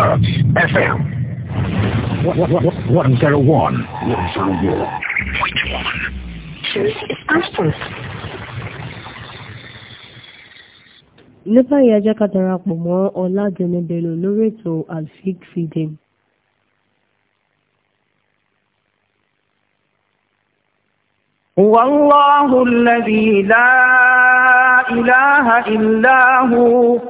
Love FM. What, what, what, 101. 101. Point one. Choose Aston. ní báyìí ẹ jẹ́ ká darapọ̀ mọ́ ọ̀làdẹ̀ni bello lórí ètò alfik fidem. والله الذي لا إله إلا هو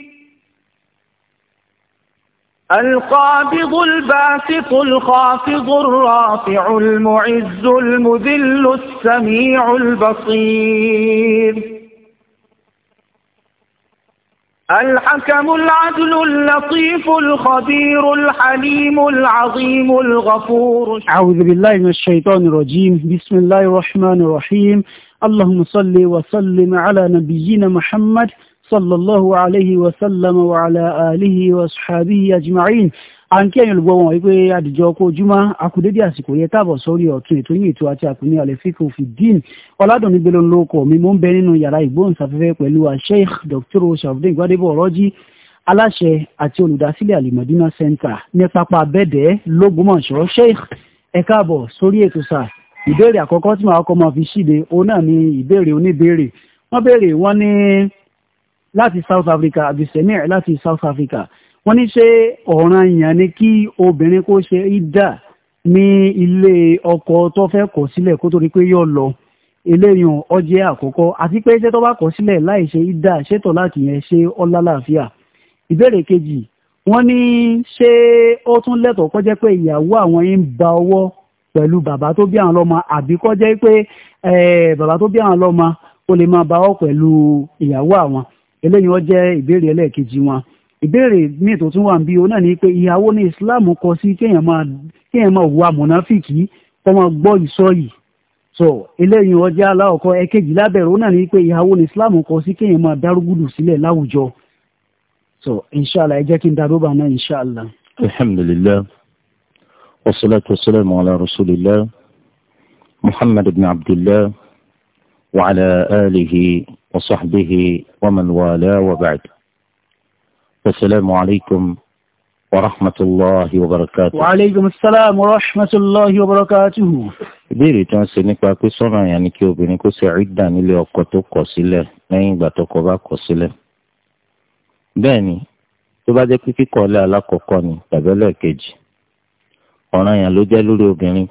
القابض الباسط الخافض الرافع المعز المذل السميع البصير الحكم العدل اللطيف الخبير الحليم العظيم الغفور أعوذ بالله من الشيطان الرجيم بسم الله الرحمن الرحيم اللهم صل وسلم على نبينا محمد صلى الله عليه وسلم وعلى آله وصحابه أجمعين à ń kí ẹ̀yin olùgbọ́ wọn wípé àdìjọ ọkọ̀ ojúmọ́ akudédé àsìkò yẹ táàbọ̀ sórí ọ̀tún ètò yìí ètò àti àkùnrin àlẹ́fíkò fìdíìn ọ̀làdùnní gbẹlẹ́ olóko mi mò ń bẹ nínú yàrá ìgbóhùnsáfẹ́fẹ́ pẹ̀lú Sheikh Dr. Sharafdin Gbadebo Ọ̀rọ́jì aláṣẹ àti olùdásílẹ̀ Alimadina Center ní pápá bẹ́ẹ̀dẹ́ lógbómọ̀ṣọ́ Sheikh ẹ káàbọ̀ sórí ètò sáà ìbéèrè àkọ́kọ́ tí màá kọ́ láti South Africa àbí sẹ́míẹ̀ láti South Africa wọ́n ní ṣé ọ̀ràn yàn ni kí obìnrin kó ṣe ìdá ní ilé ọkọ tó fẹ́ kọ̀ sílẹ̀ kó tó di pé yóò lọ eléyìí ọjẹ́ àkọ́kọ́ àti pé iṣẹ́ tó bá kọ̀ sílẹ̀ láì ṣe ìdá ṣètò láti yẹn ṣe ọlálàáfíà ìbéèrè kejì wọ́n ní ṣé ó tún lẹ́tọ̀ọ́ kó jẹ́ pé ìyàwó àwọn yìí ń ba ọwọ́ pẹ̀lú bàbá tó bí àwọn lọ́mọ àbí kó pé eh, bàbá tó bí àwọn lọ́mọ ó lè máa ba ọwọ́ pẹ̀lú ìyàwó àwọn eléyìí wọ́n jẹ́ ìbéèrè ẹlẹ́ẹ̀kejì wọn ìbéèrè míì tó tún wà ń bí o náà ni pé ìyàwó ní islam kọ sí kéèyàn máa kéèyàn máa wà mọ̀náfìkì kó máa gbọ́ ìsọ yìí so eléyìí wọ́n jẹ́ aláwọ̀kọ́ ẹ̀kejì lábẹ́rẹ̀ o náà ni pé ìyàwó ní islam kọ sí kéèyàn máa dárúgùdù sílẹ̀ láwùjọ so inshallah ẹ jẹ́ kí n darúbà náà inshallah. alhamdulilayi wasalaatu wasalaamu ala rasulillah muhammad ibn abdullah. وعلى آله وصحبه ومن والاه وبعد السلام عليكم ورحمة الله وبركاته وعليكم السلام ورحمة الله وبركاته ìbéèrè tó ń ṣe nípa pé sọ́nà yẹn ni kí obìnrin kó ṣe àìdá nílé ọkọ tó kọ̀ sílẹ̀ lẹ́yìn ìgbà tọkọ bá kọ̀ sílẹ̀ bẹ́ẹ̀ ni tó bá jẹ́ pé kíkọ̀ ọ̀lẹ́ alákọ̀ọ́kọ́ ni tàbẹ́lẹ̀ kejì ọ̀ràn yẹn ló jẹ́ lórí obìnrin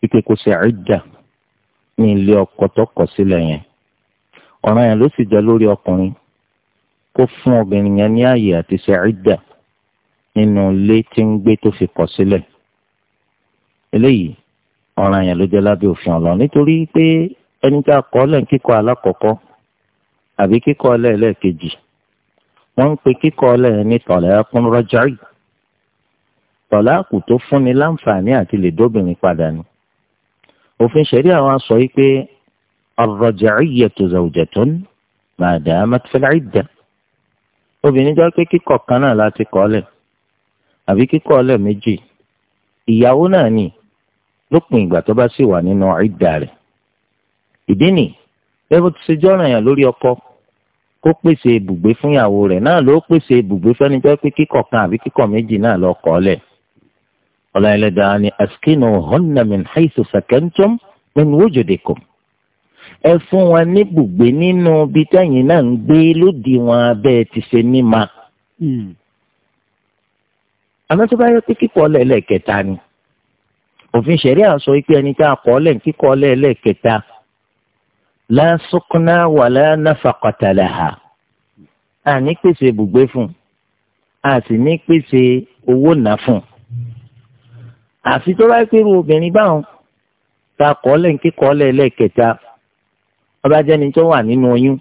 wípé kó ṣe àìdá ní ilé ọkọ tó kọ̀ sílẹ̀ yẹn ọ̀ràn yẹn ló sì jẹ́ lórí ọkùnrin kó fún obìnrin yẹn ní àyè àti ṣe ìdà nínú ilé tí ń gbé tó fi kọ̀ sílẹ̀ eléyìí ọ̀ràn yẹn ló jẹ́ lábẹ́ òfin ọ̀lọ́ nítorí pé ẹni tá a kọ́ lẹ́yìn kíkọ́ alákọ̀ọ́kọ́ àbí kíkọ́ lẹ́ẹ̀lẹ́ẹ̀kejì wọ́n ń pe kíkọ́ lẹ́yìn ní tọ̀lẹ́kùn rọ́járì tọ̀lẹ́kù tó fúnni láǹfààní àti lè dóbìnrin padà ni òfin ṣẹ̀rí àwọn sọ yìí pé ar-raj'iyyatu zawjatun ma damat fil-'idda obìnrin jẹ́ pé kíkọ̀ kan náà láti kọ́ lẹ̀ àbí kíkọ̀ lẹ̀ méjì ìyàwó náà ni lópin ìgbà tó bá sì wà nínú ìdá rẹ̀ ìdí nì bẹ́ẹ̀ bó ti ṣe jọ́ràn yàn lórí ọkọ kó pèsè ibùgbé fún ìyàwó rẹ̀ náà ló pèsè ibùgbé fẹ́ni jẹ́ pé kíkọ̀ kan àbí kíkọ̀ méjì náà lọ kọ́ lẹ̀ ọlọ́run ẹlẹ́dàá ni askinu hunna min haythu sakantum min wujudikum ẹ fún wọn ní gbùgbé nínú bí tẹ́yìn náà ń gbé lódì wọn abẹ́ ti ṣe ní ma. Hmm. àmọ́ tó bá yẹ pé kíkọ́ lẹ́lẹ́kẹta ni òfin ṣẹ̀rí àṣọ pé ẹni tá a kọ́ lẹ̀ kíkọ́ lẹ́lẹ́kẹta la sukna wala nafaqata laha àní pèsè ibùgbé fún un a sì ní pèsè owó ná fún àfi tó bá pé irú obìnrin báwọn ta kọ́lẹ̀ kíkọ́lẹ̀ lẹ́ẹ̀kẹta ọba jẹ́ni tó wà nínú oyún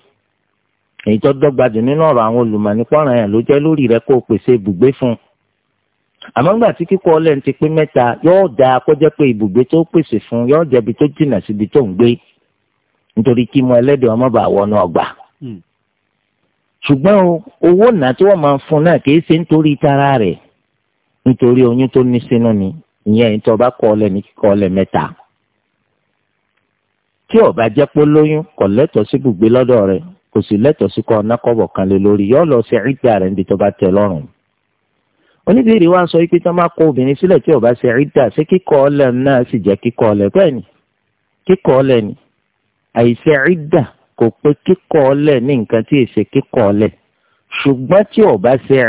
èyí tó dọ́gba jù nínú ọ̀rọ̀ àwọn olùmọ̀ọ́ni pọ́nrán yẹn ló jẹ́ lórí rẹ kó o pèsè ibùgbé fún un àmọ́ ńgbà tí kíkọ́lẹ̀ ń ti pín mẹ́ta yóò dáa kó pé ibùgbé tó pèsè fún yóò jẹ́bi tó jìnnà síbi tó ń gbé nítorí kí mo ẹlẹ́dẹ̀ ọmọ bá wọnú ọgbà hmm. ṣùgbọ́n owó tí wọ́n ìyẹn ẹni tó bá kọ ọlẹ ní kíkọ ọlẹ mẹ́ta tí ó bá jẹ́ pé lóyún kò lẹ́tọ̀ọ́ sí gbùgbé lọ́dọ̀ rẹ̀ kò sì lẹ́tọ̀ọ́ sí kọ ọ̀nà kọ́bọ̀ kan lé lórí yóò lọ sí ìdá rẹ̀ níbi tó bá tẹ́ lọ́rùn oníbèrè wa sọ pé tó máa kọ obìnrin sílẹ̀ tí ó bá ṣe ìdá ṣé kíkọ ọlẹ náà sì jẹ́ kíkọ ọlẹ bẹ́ẹ̀ ni kíkọ ọlẹ ni àìṣe ìdá kò pé kíkọ ọlẹ ní nǹkan tí èsè kíkọ ọlẹ ṣùgbọ́n tí ó bá ṣe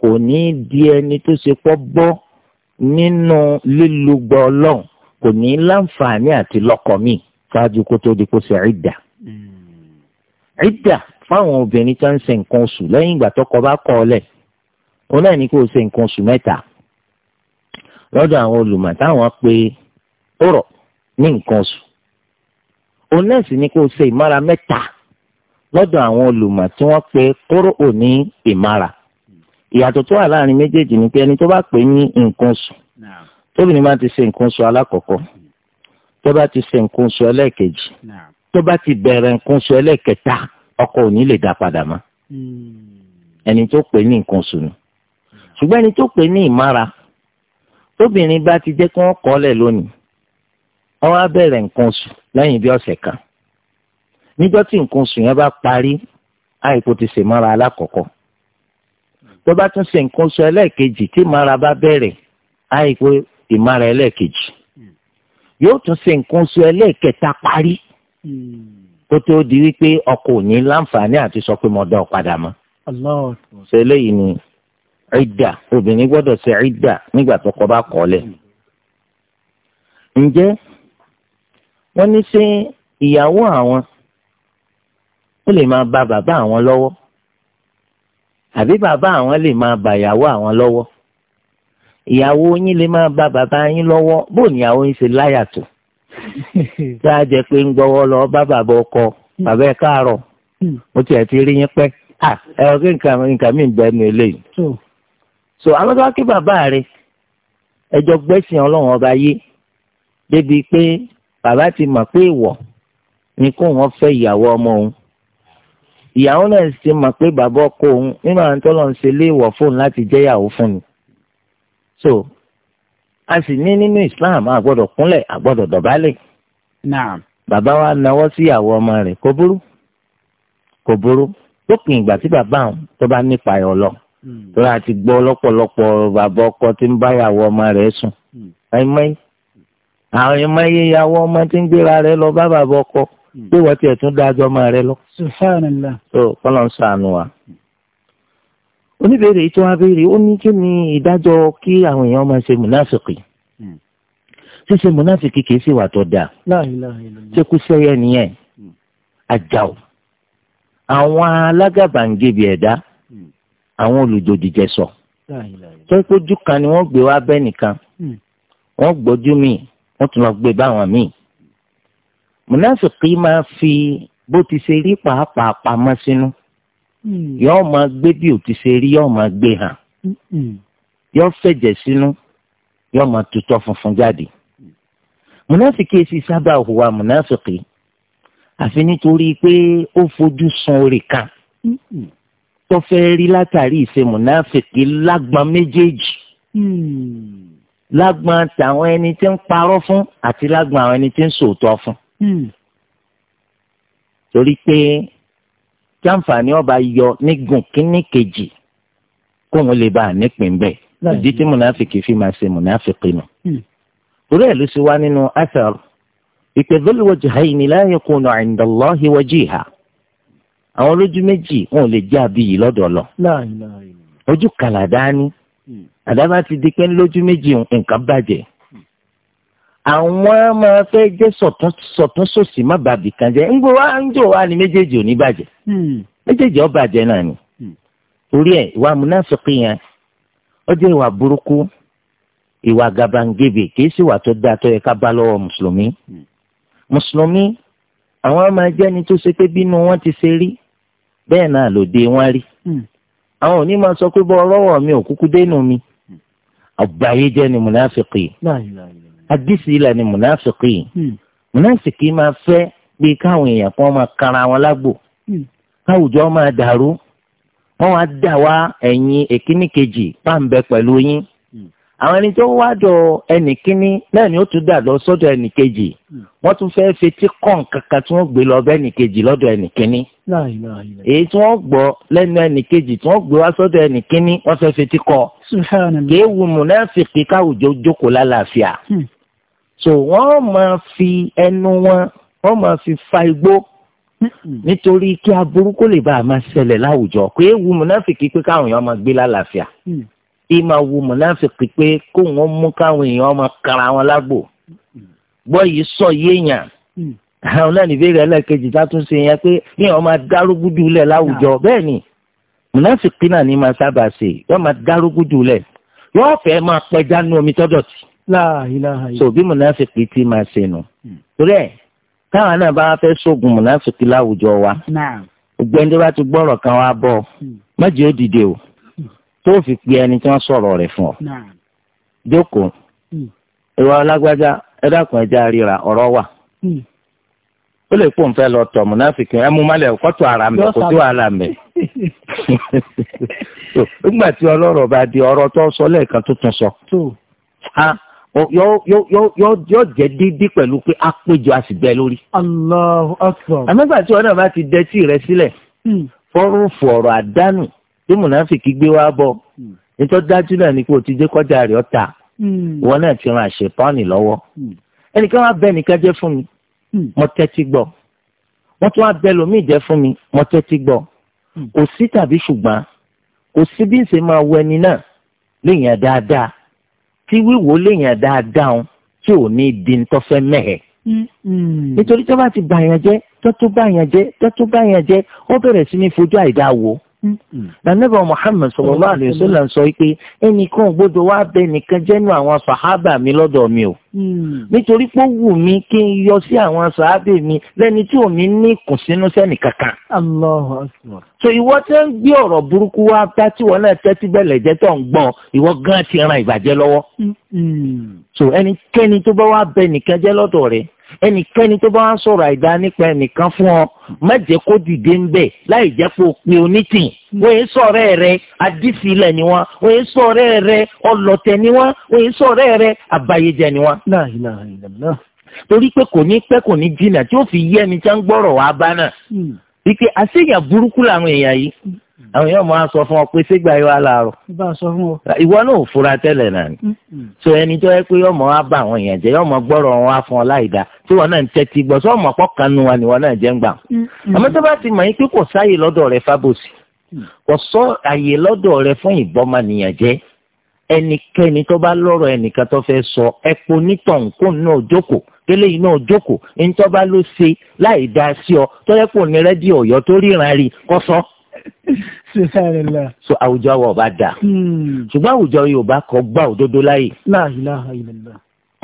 kò ní di ẹni tó ṣe pọ́ nínú lílùgbọ Ọlọ́run kò ní láǹfààní àti lọ́kọ mi ṣáájú kó tó di kó ṣe ìdà hmm. ìdà fáwọn obìnrin tó ń ṣe nǹkan oṣù lẹ́yìn ìgbà tọ́kọ bá kọ ọ lẹ̀ òun náà ní kó o ṣe nǹkan oṣù mẹ́ta lọ́dọ̀ àwọn olùmọ̀ táwọn pe ó rọ̀ ní nǹkan oṣù òun náà sì ní kó ṣe ìmára mẹ́ta lọ́dọ̀ àwọn olùmọ̀ tí wọ́n pe kóró òní ìmára ìyàtọ̀ tó wà láàrin méjèèjì ni pé ẹni tó bá pè ní nǹkan oṣù tóbìnrin bá ti ṣe nǹkan oṣù alákọ̀ọ́kọ́ tó bá ti ṣe nǹkan oṣù ẹlẹ́ẹ̀kejì tó bá ti bẹ̀rẹ̀ nǹkan oṣù ẹlẹ́ẹ̀kẹta ọkọ ò ní lè dá padà mọ́ hmm. ẹni tó pè ní nǹkan oṣù ni ṣùgbọ́n ẹni tó pè ní ìmára tóbìnrin bá ti jẹ́ kí wọ́n kọ́ lẹ̀ lónìí wọ́n á bẹ̀rẹ̀ nǹkan oṣù lẹ́yìn bí ọ̀sẹ̀ kan níjọ́ tí nǹkan oṣù yẹn bá parí àìkú ti ṣèmọ́ra alákọ̀ọ́kọ́ tó bá tún ṣe nǹkan oṣù ẹlẹ́ẹ̀kejì tí ìmára bá bẹ̀rẹ̀ àì pé ìmára ẹlẹ́ẹ̀kejì yóò tún ṣe nǹkan oṣù ẹlẹ́ẹ̀kẹta parí kó tó di wípé ọkọ ò láǹfààní àti sọ pé mo dán padà mọ́. ṣe eléyìí ni ìdà obìnrin gbọ́dọ̀ ṣe ìdà nígbà tó kọ bá kọ́ lẹ̀. ǹjẹ́ wọ́n ní ṣé ìyàwó àwọn ó lè máa ba bàbá àwọn lọ́wọ́ àbí bàbá àwọn lè máa bà ìyàwó àwọn lọ́wọ́ ìyàwó yín lè máa bà bàbá yín lọ́wọ́ bó ni ìyàwó yín ṣe láyà tó tá a jẹ pé ń gbọ́wọ́ lọ bá bàbá ọkọ bàbá ẹ káàárọ̀ hmm. mo tiẹ̀ ti rí yín pẹ́ ẹ ọ kí nǹkan nǹkan mi bẹ́ẹ̀ nu eléyìí so àwọn tó wá kí bàbá rẹ ẹjọ gbẹ́sìn ọlọ́run ọba yé débi pé bàbá ti mọ̀ pé ìwọ ni kó wọn fẹ́ ìyàwó ọmọ òun ìyàwó náà ṣe mọ̀ pé bàbá ọkọ òun nínú àwọn tó lọ ń ṣe léèwọ̀ fóun láti jẹ́yàwó fún ni. so a sì ní nínú Islam a gbọ́dọ̀ kúnlẹ̀ a gbọ́dọ̀ dọ̀bálẹ̀. naam. bàbá wa nawọ́ síyàwó ọmọ rẹ̀ kò burú kò burú lópin ìgbà tí bàbá àwọn tó bá nípa ẹ̀ ọlọ. Hmm. tó rà ti gbọ́ lọ́pọ̀lọpọ̀ bàbá ọkọ tí ń báyàwó ọmọ rẹ̀ sùn. ẹ̀mọ́ hmm. àwọn ẹ̀mọ́ yẹ̀yàwó ọmọ tí ń gbéra rẹ̀ lọ bá bàbá ọkọ. Hmm. pé wọ́n tiẹ̀ tún dájọ́ máa rẹ lọ. Subhanallah. tó kọ́lọ́ ń sànù wa. oníbèrè tí wọ́n á béèrè ó ní kí ni ìdájọ́ kí àwọn èèyàn máa ṣe mùnáfìkì. Hmm. ṣíṣe mùnáfìkì kì í ṣèwà tó dáa. ṣé kú sẹ́yẹ nìyẹn ajáò hmm. àwọn alágàbàǹgebì ẹ̀dá àwọn olùjòjìjẹ sọ. tó ń pójú kan ni wọ́n gbé wá bẹ́ẹ̀ nìkan wọ́n gbójú míì wọ́n tún lọ gbé báwọn míì mùnáfìkì máa fi bó ti ṣe rí pàápàá pamọ́ sínú hmm. yóò máa gbé bí ò ti ṣe rí yóò máa gbé hàn hmm. yóò fẹ̀jẹ̀ sínú yóò máa tutọ́ funfun jáde mùnáfìkì èsì sábà hùwà mùnáfìkì àfi nítorí pé ó fojú sun orí kan hmm. tó fẹ́ rí látàrí ìṣe mùnáfìkì lágbọn méjèèjì lágbọn tàwọn ẹni tí ń parọ́ fún àti lágbọn àwọn ẹni tí ń sòótọ́ fún. Hmm. torí pé kí àǹfààní ọba yọ nígùn kínní kejì kóun lè bá a nípìn bẹ́ẹ̀ ìdí tí mùnàfíkì fi máa ṣe mùnàfíkì nù. Hmm. torí ẹ̀ ló ṣe wá nínú asar ìpè dhul wajhayni la yakunu 'inda Allahi wajiha àwọn olójú méjì wọn ò lè jẹ́ àbíyì lọ́dọ̀ lọ. ojú kàlàdá ni hmm. àdá bá ti di pé ńlójú méjì nǹkan bàjẹ́ àwọn máa fẹ́ jẹ́ sọ̀tún sòsì má bàbí kan jẹ́ ńgbò wá ńjò wá ni méjèèjì ò bàjẹ́ hmm. méjèèjì ó bàjẹ́ náà ni hmm. torí ẹ̀ ìwà múnáfíkì yẹn ó jẹ́ ìwà burúkú ìwà gàbàǹgebè kì í sì wà tó dáa tó yẹ ká bá lọ́wọ́ mùsùlùmí hmm. mùsùlùmí àwọn máa jẹ́ ni tó ṣe pé bínú ti ṣe rí bẹ́ẹ̀ náà wọn rí àwọn sọ pé bọ́ mi ò kúkú mi jẹ́ ni múnáfíkì àdìsí ilẹ̀ ni mùnáfìkì hmm. mùnáfìkì máa fẹ́ pé káwọn èèyàn kan máa kara wọn lágbo hmm. káwùjọ máa dàrú wọn wá dà wá ẹ̀yìn èkíní kejì páńbẹ pẹ̀lú yín hmm. àwọn ẹni tó wá dọ̀ ẹnì kíní náà ni ó tún dà lọ sọ́dọ̀ ẹnì kejì wọ́n tún fẹ́ẹ́ fetí kàn kankan tí wọ́n gbé lọ bẹ ẹnì kejì lọ́dọ̀ ẹnì kíní èyí tí wọ́n gbọ́ lẹ́nu ẹnì kejì tí wọ́n gbé wá sọ́dọ̀ ẹnì kíní wọ́n fẹ́ẹ́ fetí kọ kéwù múnáfìkì káwùjọ jókòó lálàáfíà so wọ́n máa fi ẹnu wọn wọ́n máa fi fa igbó nítorí kí aburú kó lè bá a máa ṣẹlẹ̀ láwùjọ pé ewu mùnáfìkì pé káwọn èèyàn máa gbé lálàáfíà ìmọ̀ mm. wu mùnáfìkì pé kóun mú káwọn èèyàn máa kara wọn lágbo gbọ́ yìí sọ yéèyàn mm. àwọn náà níbẹ̀rẹ̀ ẹlẹ́ẹ̀kejì dátúnṣe yẹn pé ní àwọn máa dárúgúdù lẹ̀ láwùjọ bẹ́ẹ̀ ni mùnáfìkì náà ní máa sábà ṣe yọ máa dárúgúdù lẹ̀ yọ fẹ́ máa pẹja nú omi tọ́dọ̀tì so bí mùnàfíkì ti máa ṣe nù. Hmm. torí ẹ káwọn náà bá fẹ́ sógun láwùjọ wa ọgbẹ́ni tó bá ti gbọ́rọ̀ kan wá bọ̀ mọ́jì hmm. ó o hmm. tó fi pe ẹni tí wọ́n sọ̀rọ̀ rẹ̀ fún ọ. jókòó ìwà ọlágbájá ríra ọ̀rọ̀ wà ó lè pò ń fẹ́ lọ tọ̀ ẹ mú malẹ̀ kọ́tù ara wàhálà sọ lẹ́ẹ̀kan tó tún yóò jẹ́ dídí pẹ̀lú pé a péjọ a sì bẹ lórí. Allahu Akbar. àmọ́gbà tí ọ̀nà bá ti dẹ́tí rẹ sílẹ̀ hmm. fọ́rùn fọ̀rọ̀ àdánù tí mùnàfíkì gbé wá bọ̀ hmm. nítorí dájú náà ni pé o ti dé kọjá rẹ̀ ọ̀tà ìwọ hmm. náà ti ran àṣepọ́nì lọ́wọ́ ẹnìkan wá bẹ́ẹ̀ nìkan jẹ́ fún mi mo tẹ́tí gbọ́ wọ́n tún wá bẹ́ẹ̀ lómìn jẹ́ fún mi mo tẹ́tí gbọ́ kò sí tàbí ṣùgbọ́n kò sí bí ń ṣe máa wọ ẹni náà léèyàn dáadáa tí wíwò léèyàn dáadáa tí ò ní di ń tọ́fẹ́ mẹ́hẹ̀. nítorí tó bá ti bàyàn jẹ́ tó tó bàyàn jẹ́ tó tó bàyàn jẹ́ ó bẹ̀rẹ̀ sí ní fojú àìdá wo lànàbà Muhammad sallallahu alaihi wasallam sọ pé ẹnìkan ò gbọ́dọ̀ wá bẹ nìkan jẹ́nu àwọn sàhábà mi lọ́dọ̀ mi o nítorí pé ó wù mí kí n yọ sí àwọn sàhábà mi lẹ́ni tí òmí ní ìkùnsínú sẹ́nì kankan. so ìwọ tẹ́ ń gbé ọ̀rọ̀ burúkú wá bá tí wọn náà tẹ́tí bẹ̀lẹ̀ jẹ́ tó ń gbọ́n ìwọ gan ti ran ìbàjẹ́ lọ́wọ́. Mm-hmm. so ẹnikẹ́ni tó bá wá bẹ nìkan jẹ́ lọ́dọ̀ rẹ̀ ẹnikẹ́ni tó bá wá sọ̀rọ̀ àìdá nípa ẹnìkan fún ọ má jẹ́ kó dìde ń bẹ̀ láì jẹ́ kó pe onítìn wọ́n yẹn sọ̀rẹ́ rẹ adísílẹ̀ ni wọ́n wọ́n yẹn sọ̀rẹ́ rẹ ọlọ́tẹ̀ ni wọ́n wọ́n yẹn sọ̀rẹ́ rẹ àbáyéjẹ ni wọ́n. torí pé kò ní pẹ́ kò ní jìnnà tí ó fi yé ẹni tí wọ́n gbọ́rọ̀ wá bá náà hmm. Mm. àwọn yóò máa sọ fún ọ pé sígbà yóò aláàrọ ìwọ náà ò fura tẹ́lẹ̀ náà ni mm. Mm. so ẹni tó yẹ pé yóò máa bá àwọn èèyàn jẹ yóò máa gbọ́rọ̀ wọn á fún ọ láì dáa tí wọn náà ń tẹ́tí gbọ́ sọ ọmọ pọkànnù wa ni wọn náà jẹ ń gbà àmọ́ tó bá ti mọ̀ yín pé kò sáàyè lọ́dọ̀ rẹ fábòsì kò sọ àyè lọ́dọ̀ rẹ fún ìbọmọnìyàn jẹ náà jókòó kélé yìí ló ṣe láì dá sí ọ tó ní rédíò ọ̀yọ́ tó ríran rí kó so àwùjọ wa ọba dà hmm. ṣùgbọ́n àwùjọ yorùbá kò gbà òdodo láàyè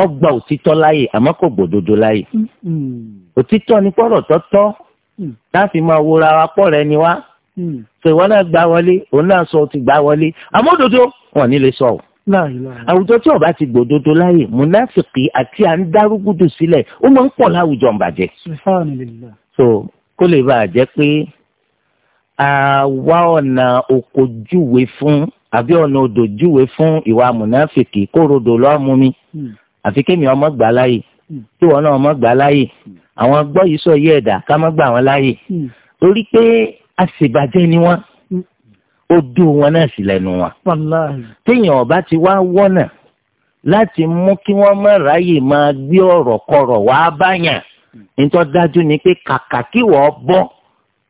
ọgbà òtítọ́ láàyè àmọ́ kò gbòdodo láàyè hmm, hmm. òtítọ́ ni pọ̀rọ̀ tọ́tọ́ láti máa wúra wa pọ̀ rẹ ni wá so ìwọ náà gbà wọlé òun náà sọ ti gbà wọlé àmọ́ òdodo wọn ní lè sọ o àwùjọ tí ọba ti gbòdodo láàyè múnáfìkì àti à ń dárúgúdù sílẹ̀ ó máa ń pọ̀ láwùjọ ń so kó lè bàa jẹ́ pé àwa ọ̀nà òkòjúwe fún àbí ọ̀nà òdòjúwe fún ìwà mùnáfìkì kó rodò lọ́mú mi hmm. àfi kémi ọmọ gbà láàyè tí hmm. wọn náà ọmọ gbà láàyè hmm. àwọn gbọ́ yìí sọ yí ẹ̀dá ká má gbà wọn láàyè torí pé àṣebàjẹ́ ni wọ́n ó dú wọn náà sí lẹ́nu wọn. téèyàn ọba ti wá wọ́nà láti mú kí wọ́n má ráyè máa gbé ọ̀rọ̀ kọ̀rọ̀ wá báyàn nítorí dájú ni pé kàkà kí wọ́n bọ́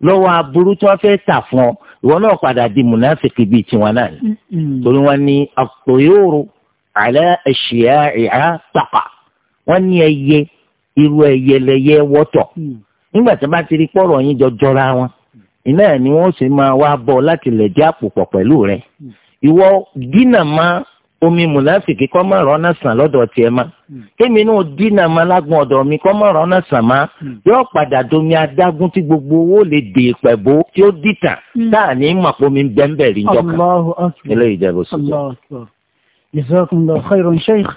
lọ́wọ́ aburú tí wọ́n fẹ́ tà fún ọ ìwọ náà padà di mùnáfíkì bíi tiwọn náà ni torí wọ́n ní àpòyòrò àlẹ́ ẹ̀ṣìyà ìhà tàpà wọ́n ní ẹyẹ irú ẹyẹ lẹyẹ wọ́tọ̀ mm. nígbà tí wọ́n bá ti rí pọ́rọ̀ yín jọ wọn iná ẹ̀ ni wọ́n sì máa wá bọ̀ láti lẹ̀ dí àpò pẹ̀lú rẹ̀ mm. ìwọ dínà omi mùláfìkì kọ́ mọ̀ rọ́nà sàn lọ́dọ̀ tiẹ̀ ma hmm. kémi náà dínà ma lágùn ọ̀dọ̀ mi kọ́ mọ̀ rọ́nà sàn ma hmm. yóò padà domi adágún tí gbogbo owó lè dè pẹ̀ bó tí ó dìtà hmm. tá à ní mọ̀ pé omi ń bẹ́ńbẹ̀ rí njọ́ kan eléyìí jẹ́ bó sọ. Jazakumullahu khairan sheikh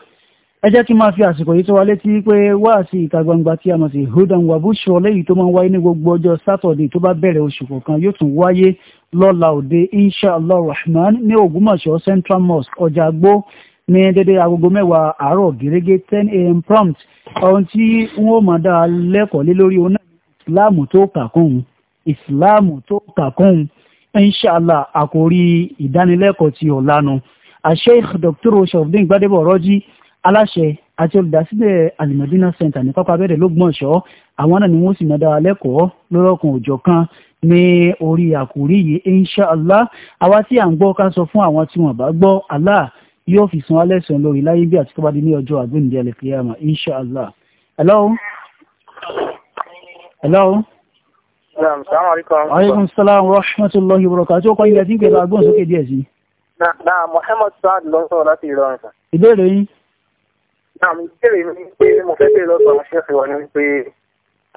ẹ jẹ́ kí n máa fi àsìkò yìí tó wa létí pé wáàsí ìta gbangba tí a mọ̀ sí hudan wabushọ lẹ́yìn tó máa wáyé ní gbogbo ọjọ́ sátọ̀dẹ̀ tó bá bẹ̀rẹ̀ oṣù kọ̀ọ̀kan yóò tún wáyé lọ́la òde inshallah rahman ní Ògbómọ̀ṣọ́ central mosque ọjà gbó ní dédé agogo mẹ́wàá àárọ̀ gẹ́gẹ́ ten a.m. prompt ohun tí wọ́n máa dá lẹ́kọ̀ọ́ lé lórí oná ìsìláàmù tó kàkún ìsìláàmù tó kàkún inshallah àkórí ìdánilẹ́kọ̀ọ́ ti ọ̀lanu àṣẹ dr shofdin gbadebo rọ́jí aláṣẹ àti olùdásílẹ̀ alimọ̀dínà center ní pápá abẹ́rẹ́ lọ́gbọ̀nsọ́ àwọn náà ni wọ́n sì máa dára lẹ́kọ̀ọ́ lọ́rọ̀kan òjọ̀ kan ní orí àkòrí yìí inshàlá àwa tí à ń gbọ́ ká sọ fún àwọn tí wọ́n bá gbọ́ Allah yóò fi san alẹ́ sàn lórí láyé bí àti tọ́ba di ní ọjọ́ àgbéǹde alẹ́kìyàmà inshàlá. hello. hello. aleykum salaam wa rahmatulahi wa barakatuh. ó kọ́ ilẹ̀ tí ń pè lọ agbóhùnsókè díẹ̀ sí. na na Muhammad Saad ló ń sọ̀rọ̀ láti Ìlọrin sàn. ìbéèrè yín àmì ìbéèrè mi pé mo fẹ́ bèèrè lọ́dọ̀ àwọn ṣẹ́fẹ̀ wa ni pé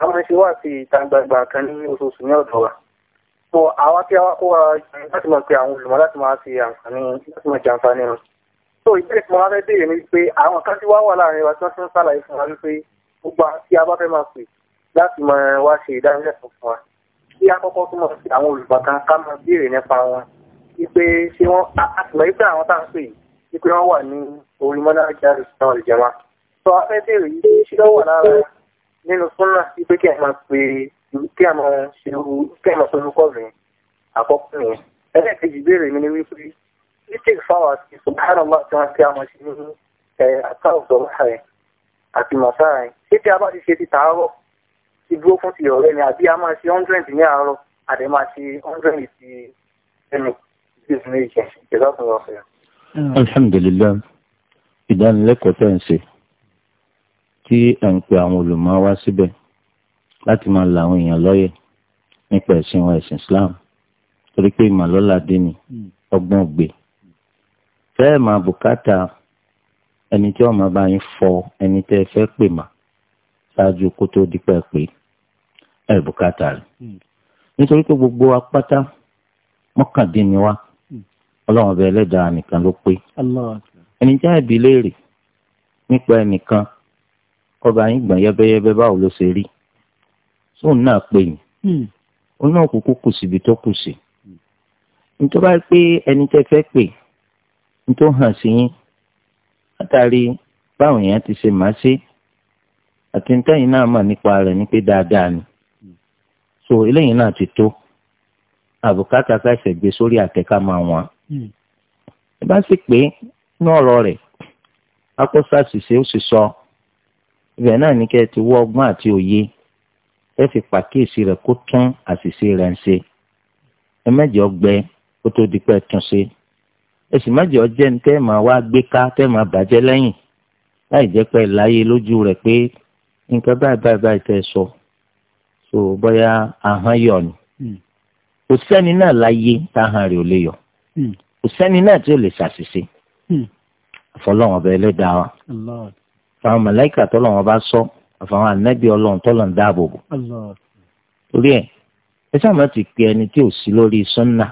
àwọn ẹṣin wà sí ìta gbangba kan ní oṣooṣù ní ọ̀dọ̀ wa so àwa tí a wá kó wa láti máa pe àwọn olùmọ̀ láti máa ṣe àǹfààní láti máa jàǹfààní wọn so ìbéèrè tí mo wá fẹ́ bèèrè mi pé àwọn kan tí wá wà láàrin wa tí wọ́n ti ń sàlàyé fún wa wípé gbogbo tí a bá fẹ́ máa pè láti máa wá ṣe ìdánilẹ́kọ̀ọ́ fún wa kí a wípé wọ́n wà ní orí mọ́nàkì àdìsínà ìjọba. sọ afẹ́fẹ́ rèé tí ṣí lọ́wọ́ lára nínú súnà wípé kí ẹ̀ máa pe kí ẹ̀ máa ṣe irú kí ẹ̀ máa pe orúkọ mi àkọ́kọ́ nìyẹn. ẹlẹ́ẹ̀kejì béèrè mi ni wípé títí fáwọn àti subhanallah tí wọ́n ti àmọ̀ sí ní àtàwùjọ láàrin àti màsáàrin ṣé tí a bá ti ṣe ti tàárọ̀ ti dúró fún ti ọ̀rẹ́ ni àbí a máa ṣe hundred ní àárọ̀ àdè máa ṣe hundred ti ẹnu bí ìsinmi ìjẹ ìjọba fún ọ̀fẹ́. Ah. alhamdulilayi ìdánilẹ́kọ̀ọ́ tẹ̀ ń ṣe tí ẹ̀ ń pe àwọn olùmọ̀ wá síbẹ̀ láti máa la àwọn èèyàn lọ́yẹ̀ nípa ẹ̀sìn wọn ẹ̀sìn Islam torí pé ìmọ̀lọ́lá dé ni hmm. ọgbọ́n gbé fẹ́ẹ́ máa bùkátà ẹni tí wọ́n máa bá yín fọ ẹni tẹ́ ẹ fẹ́ pè mà ṣáájú kó tó dípẹ́ pé ẹ̀ bùkátà rẹ̀ hmm. nítorí pé gbogbo apáta mọ́kàndínní ọlọ́run ọba ẹlẹ́dàá nìkan ló pé ẹni jẹ́ ẹ̀bí nípa ẹnìkan ọba yín gbọ̀n yẹ́bẹ́yẹ́bẹ́ báwo ló ṣe rí sóun náà pè yín òun hmm. náà kúkú kù síbi tó kù sí nítorí pé ẹni pè hàn sí yín látàrí báwọn ti ṣe máa ṣe àti nítẹ̀yìn náà mọ̀ nípa rẹ̀ ní ni so eléyìí náà ti tó àbùkátà ká ṣẹ̀gbẹ́ sórí àtẹ̀ká máa Hmm. ẹ bá sì pé ní ọ̀rọ̀ rẹ̀ akọ́sà ṣìṣe ó sì sọ ibẹ̀ náà ní kẹ́ ẹ ti wọ ọgbọ́n àti òye ẹ fi pàkíyèsí rẹ̀ kó tún àṣìṣe rẹ̀ ń ṣe ẹ mẹ́jọ gbẹ kó tó di pẹ́ tún ṣe ẹ sì mẹ́jọ jẹ́ ní tẹ́ máa wá gbé ká tẹ́ máa bàjẹ́ lẹ́yìn láì jẹ́ pé láyé lójú rẹ̀ pé nǹkan báyìí báyìí báyìí tẹ́ sọ so bóyá ahọ́n yọ ni hmm. kò sẹ́ni náà láyé táhàn rẹ̀ ò lè yọ Hmm. kò sẹ́ni náà tí ò lè ṣàṣìṣe àfọlọ́wọn hmm. ọbẹ̀ ẹlẹ́dàá wa fáwọn màláíkà tọ́lọ́wọn bá sọ àfọwọ́n ànábì ọlọ́run tọ́lọ́n dáàbò bò torí ẹ̀ ẹ sábà ti pe ẹni tí ò sí lórí sunna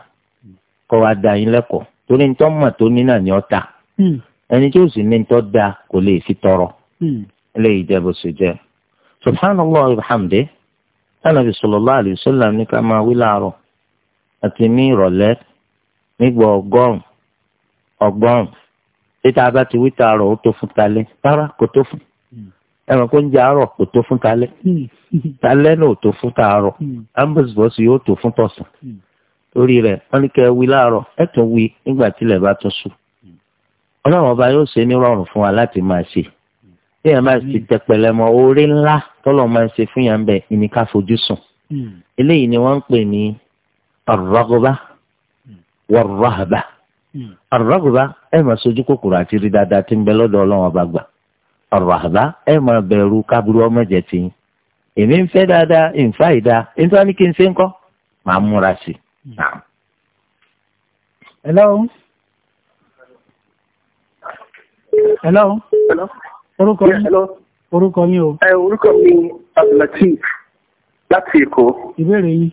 kọ́ wa da yín lẹ́kọ̀ọ́ torí ń tọ́ mọ̀ tó ní náà ni ọ́ ta hmm. ẹni tí ò sì ní tọ́ da kò lè fi tọrọ eléyìí jẹ́ bó ṣe jẹ́ subhanallah alhamdi anabi sallallahu alayhi wa sallam ní ká máa wí láàárọ̀ àti ní ìrọ̀lẹ́ nígbà ọgọ́rùn ọgọ́rùn títa bá ti wí taarọ̀ ó tó fún talẹ́ rárá kò tó fún kó ń jẹ kò tó fún hmm. náà tó fún hmm. yóò tó fún hmm. rẹ̀ ní wí tún wí nígbà bá tún sùn ọba yóò fún wa láti máa ṣe bí yẹn máa ti mọ ńlá tọlọ máa ń fún yàn ni wọn ń pè ní warahaba hmm. arahaba ẹ máa sojú kòkòrò àti rí dáadáa tí ń bẹ ọba gbà ẹ máa kábúrú ti èmi ń dáadáa ìǹfà ìdá ìǹfà ní kí n ṣe ń kọ́ màá múra sí hmm. orúkọ mi o. ẹ orúkọ mi abdulateef láti èkó. ìbéèrè yìí.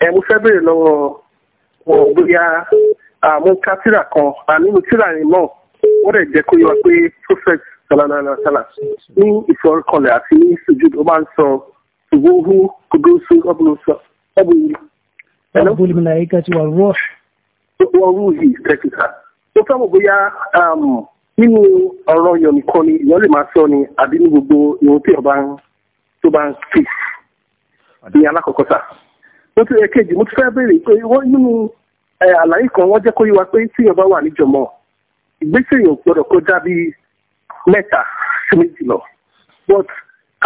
ẹ mo fẹ́ lọ́wọ́. wọ̀ bóyá àmú kátìrà kan ànínú tírà yẹn náà wọ́n dẹ̀ jẹ́ kó yọ pé prophet ní ìfọ̀rọ̀kọlẹ̀ àti ní máa ń sọ ìwúhú ọ̀bùnú. náà ẹ̀ka ti mo fẹ́ mọ̀ bóyá nínú ọ̀rọ̀ ni lè ni àbí ní gbogbo ìwọ̀n tí ọba tó bá mo ti ẹ̀kejì mo ti fẹ́ béèrè pé wọ́n nínú àlàyé kan wọ́n jẹ́ kó yé wa pé tí èèyàn wà níjọmọ́ ìgbésẹ̀ èèyàn gbọ́dọ̀ kó dàbí mẹ́ta sí méjì lọ but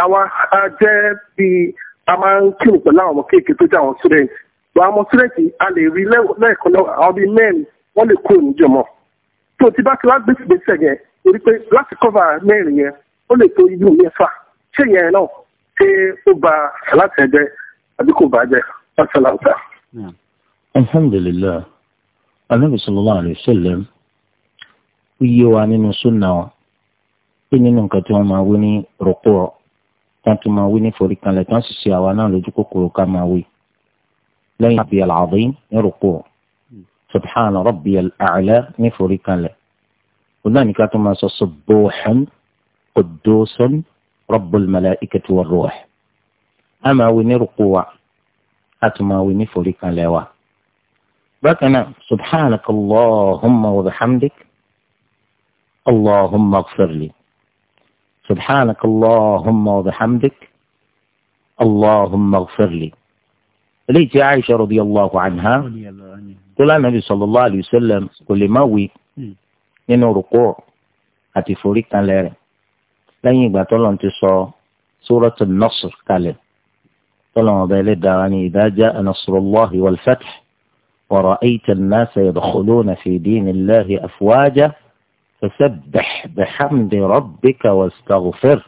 àwa a jẹ́ bí a máa ń kírun pẹ̀lú àwọn ọmọ kéèké tó jẹ́ àwọn students but àwọn students a lè rí lẹ́ẹ̀kan náà àwọn bíi mẹ́rin wọ́n lè kó níjọmọ́ tó ti bá ti wá gbèsè gbèsè yẹn torí pé láti cover mẹ́rin yẹn ó lè tó ibi òun ṣé yẹn náà ṣé ó ba láti ẹ̀jẹ̀ àbí kò bá jẹ́. نعم الحمد لله النبي صلى الله عليه وسلم ويواني من سنة إني ننقطي وما ويني رقوع كانت ما ويني فوريكا لكان سيسيوانا لجوكو كروكا ما وي لين ربي العظيم يرقوع سبحان ربي الأعلى نفوريكا لك وناني كانت ما سصبوحا قدوسا رب الملائكة والروح أما ويني رقوع àtùmáwé níforí kan lẹ́wà. bákan náà subhanaka allahumma wa bihamdik allahumma ighfirli subhanaka allahumma wa bihamdik allahumma ighfirli. eléyìí tí aisha radiyallahu anha tó lánàá bí sallallahu alayhi wa sallam kò lè má wí nínú rúkọ àti forí kan lẹ́rẹ̀ lẹ́yìn ìgbà tó lọ́n ti sọ suratul nasr kalẹ̀. طالما بيلد عني إذا جاء نصر الله والفتح ورأيت الناس يدخلون في دين الله أفواجا فسبح بحمد ربك واستغفر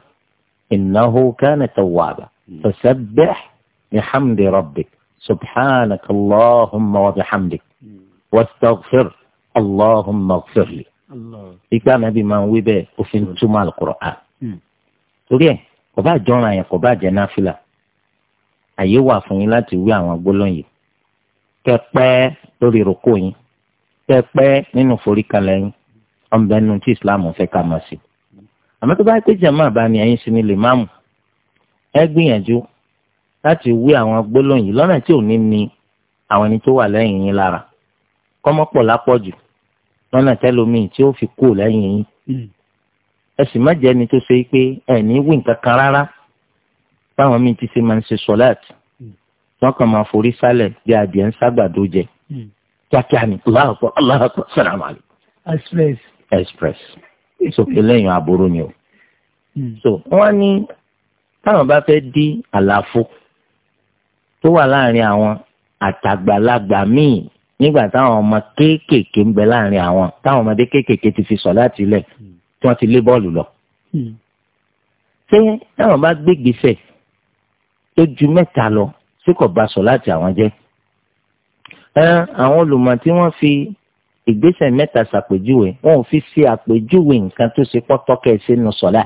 إنه كان توابا فسبح بحمد ربك سبحانك اللهم وبحمدك واستغفر اللهم اغفر لي الله كان بما وبه وفنتما القرآن تريد وبعد جونا يقوبا جنافلة àyè wà fún yín láti wí àwọn gbólóhùn yìí kẹpẹ lórí ròkó yín kẹpẹ nínú foríkalẹ̀ yín ọmọbẹ nínú tí islam fẹ́ ká mọ̀ sí. àmọ́ tó bá pé jàmáà bá ní ẹ̀yin sí ni lè máàmù ẹ gbìyànjú láti wí àwọn gbólóhùn yìí lọ́nà tí ò ní ni àwọn ẹni tó wà lẹ́yìn yín lára kọ́mọ́pọ̀ lápọ̀jù lọ́nà tẹ́lómìn tí ó fi kú lẹ́yìn yín hmm. ẹ sì má jẹ́ ẹni tó ṣe pé ẹ̀ ní wí nǹkan kan rárá táwọn míì ti ṣe máa ń ṣe sọláàtì wọn kàn máa forí sálẹ̀ bí adìẹ ń sábàdo jẹ hmm. kíákíá ni aláàpọ aláàpọ sàlámù àlè. express. express sókè lẹ́yìn aburú ni o. Hmm. so wọ́n ní táwọn bá fẹ́ dí àlàfo tó wà láàrin àwọn àtàgbàlagbà míì nígbà táwọn ọmọ kéékèèké ń bẹ láàrin àwọn táwọn ọmọdé kéékèèké ti fi sọláàtì lẹ̀ hmm. tí wọ́n ti lé bọ́ọ̀lù lọ. ṣé táwọn bá gbégbèsè tó ju mẹ́ta lọ sí kò bá sọ láti àwọn jẹ́. ẹ àwọn olùmọ̀ tí wọ́n fi ìgbésẹ̀ mẹ́ta ṣàpèjúwe wọn ò fi ṣe àpèjúwe nǹkan tó ṣe pọ́tọ́ kẹ́ ẹ sínú sọ̀lá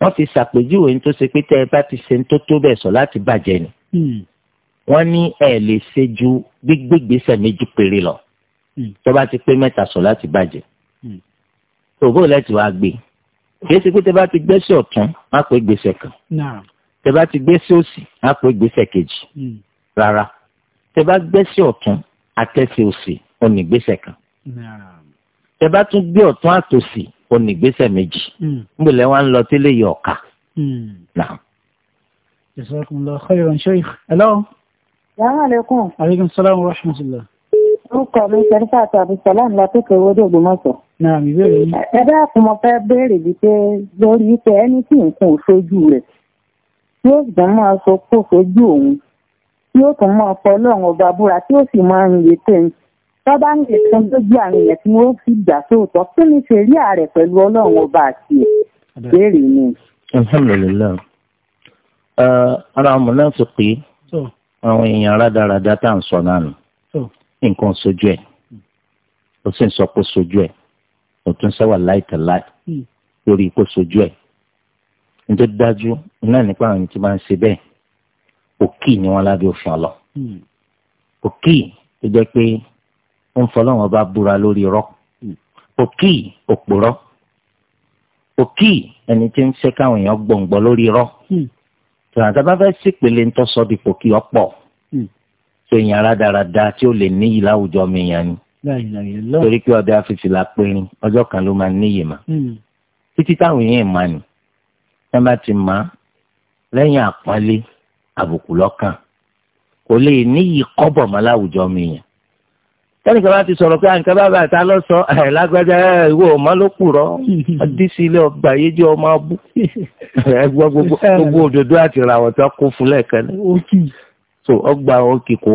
wọ́n fi ṣàpèjúwe ní tó ṣe pé tẹ́ ẹ bá ti ṣe tó tó bẹ́ẹ̀ sọ láti bàjẹ́ ni hmm. wọ́n ní ẹ lè ṣe ju gbígbégbèsè méjì péré lọ hmm. tó bá ti pé mẹ́ta sọ láti bàjẹ́ hmm. òbó lẹ́tì wá gbé kìí ṣe pé tẹ́ bá ti gbẹ́sẹ̀ ọ̀tún má pé gbèsè kan tẹ́ bá ti gbé sí òsì á pé gbèsè kejì hmm. rárá tẹ́ bá gbé sí ọ̀tún àtẹ̀sí òsì ó ní gbèsè kan tẹ́ bá tún gbé ọ̀tún àtòsì ó ní gbèsè méjì hmm. níbẹ̀lẹ̀ wa ń lọ tẹ́lẹ̀ yọ ọ̀ka. Hmm. jazakumullahu khairan sheikh hello. salaamaleykum. aleykum salaam wa rahmatulah orúkọ mi sẹ́ríkà àti abdulsalam látòkè owó dé Ògbómọ̀ṣọ́. ẹ dákun mo fẹ́ béèrè bíi pé lórí pé ẹni tí nǹkan ò sójú rẹ̀ tí ó sì tún máa sọ pé òṣojú òun tí ó tún máa fọ ọlọ́run ọba búra tí ó sì máa ń yè tẹ́yìn tó ń yè tẹ́yìn lójú àwọn èèyàn tí wọ́n fi gbà sóòótọ́ kí ni ṣe rí ààrẹ pẹ̀lú ọlọ́run ọba àti ìbéèrè ni. alhamdulilayi ara mùnáfíkì àwọn èèyàn rádaràda tá à ń sọ náà nù nǹkan sojú ẹ̀ ó sì ń sọ pé sojú ẹ̀ ó sẹ́wà láìtẹ̀láì hmm. lórí ipò sojú ẹ̀ njẹ́ dájú náà nípa àwọn tí máa ṣe bẹ́ẹ̀ òkì ni wọ́n lábẹ́ òfin ọlọ hmm. òkì tó jẹ́ pé ó ń fọlọ́wọn bá búra lórí rọ hmm. òkì òpòrọ òkì ẹni tí ń ṣe káwọn èèyàn gbòǹgbò lórí rọ tòun àtàbá fẹ́ sípele ńtọ́ sọ di pòkì ọ̀pọ̀ tó hmm. èèyàn rádaràda tí ó lè níyì láwùjọ mi yàn ni torí pé ọdẹ àfìsìlà pinrin ọjọ́ kan ló máa níyì mà títí táwọn èèyàn mà ni. ẹ má ti mà á lẹ́yìn àpọ́nlé àbùkù lọ́kàn kò lè níyì kọ́bọ̀ mọ́ láwùjọ mi yẹn bá ti sọ̀rọ̀ pé àǹkà bàbá àti alọ́sọ ẹ̀ lágbájá ìwé ọmọ ló kùrọ̀ àdìsí ilé ọgbà yéjọ́ ọmọ abú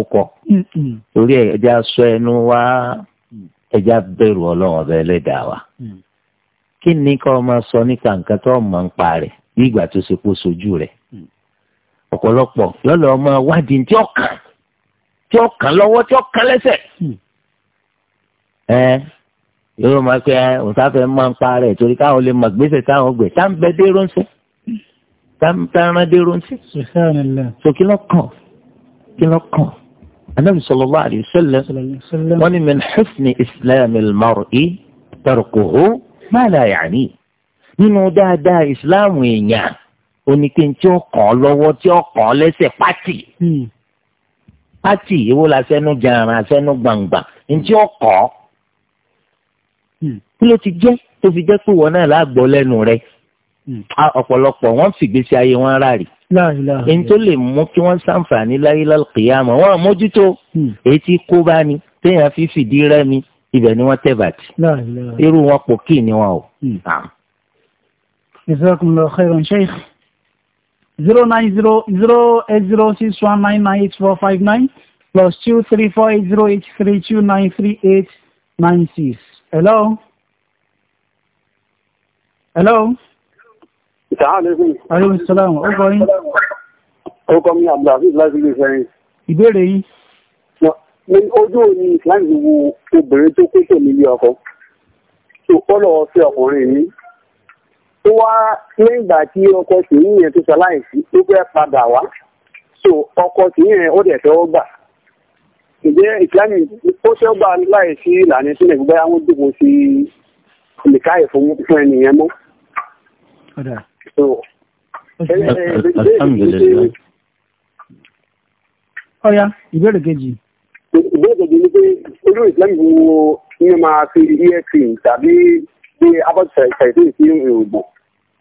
gbogbo torí ẹja wá ẹja wa mm. kí ni ká ọmọ sọ tó ọmọ ń bí ìgbà tó ṣe kó sojú rẹ̀ ọ̀pọ̀lọpọ̀ yọ̀lọ̀ ọmọ wádìí tí ọ̀kan tí ọ̀kan lọ́wọ́ tí ọ̀kan lẹ́sẹ̀ hmm. ẹ yóò máa pẹ́ òǹtàfẹ́ máa ń pa rẹ̀ torí káwọn lè mọ̀ gbèsè táwọn gbè tá ń bẹ dé rọ́ńsẹ́ tá ń tẹ́ran dé rọ́ńsẹ́ so kí lọ́kàn kí lọ́kàn anabi sallallahu alayhi wa sallam wọn ni min husni islamil mar'i tarkuhu ma la ya'ni nínú dáadáa ìsìláàmù èèyàn oníkéń tí ó kàn án lọ́wọ́ tí ó kàn lẹ́sẹ̀ pátì hmm. pátì èwo la sẹ́nu jàǹrà sẹ́nu gbàǹgbà ntí ó kàn án hmm. kí ló ti jẹ́ tó fi jẹ́ pé wọn náà láàgbọ́ lẹ́nu rẹ̀ hmm. ọ̀pọ̀lọpọ̀ wọ́n fìgbésí ayé wọn ráàrí. èyí tó lè mú kí wọ́n ṣàǹfààní láyé lálùkìyàmọ̀ wọ́n àmójútó èyí tí kó bá ní téèyàn fífìdí rẹ́mi ibẹ̀ ni wọ́n tẹ̀ bàtì irú wọn pò kí ni wọn o. Jazakumullah khairan Sheikh. 090080619985459 plus 2348083293896. Hello? Hello? Ìtàhálẹ́gùn. Àríwá ìsọ́lámù, ó kọ́ yín. Ó kọ́ mi Abdulaziz láti lè fẹ́rin. Ìbéèrè yìí. Ojú òní ìsìláìsì wo obìnrin tó kó tò nílé ọkọ. Tó kọ́ lọ́wọ́ sí ọkùnrin yìí. tó wá lẹ́yìn ìgbà tí ọkọ si yẹn tó ṣaláìsí ó fẹ́ padà wá so ọkọ tèmi yẹn ó dẹ̀ tẹ́wọ́ gbà ǹjẹ́ ìsìlámì ó tẹ́wọ́ gbà láìsí ìlànà sílẹ̀ gbogbo àwọn dìbò sí nìkáyè fún ẹnìyẹn mọ́. ìbéèrè kejì. ìbéèrè kejì ni pé wo fi tàbí bí abọ́tù ṣàìdí sí èrògbò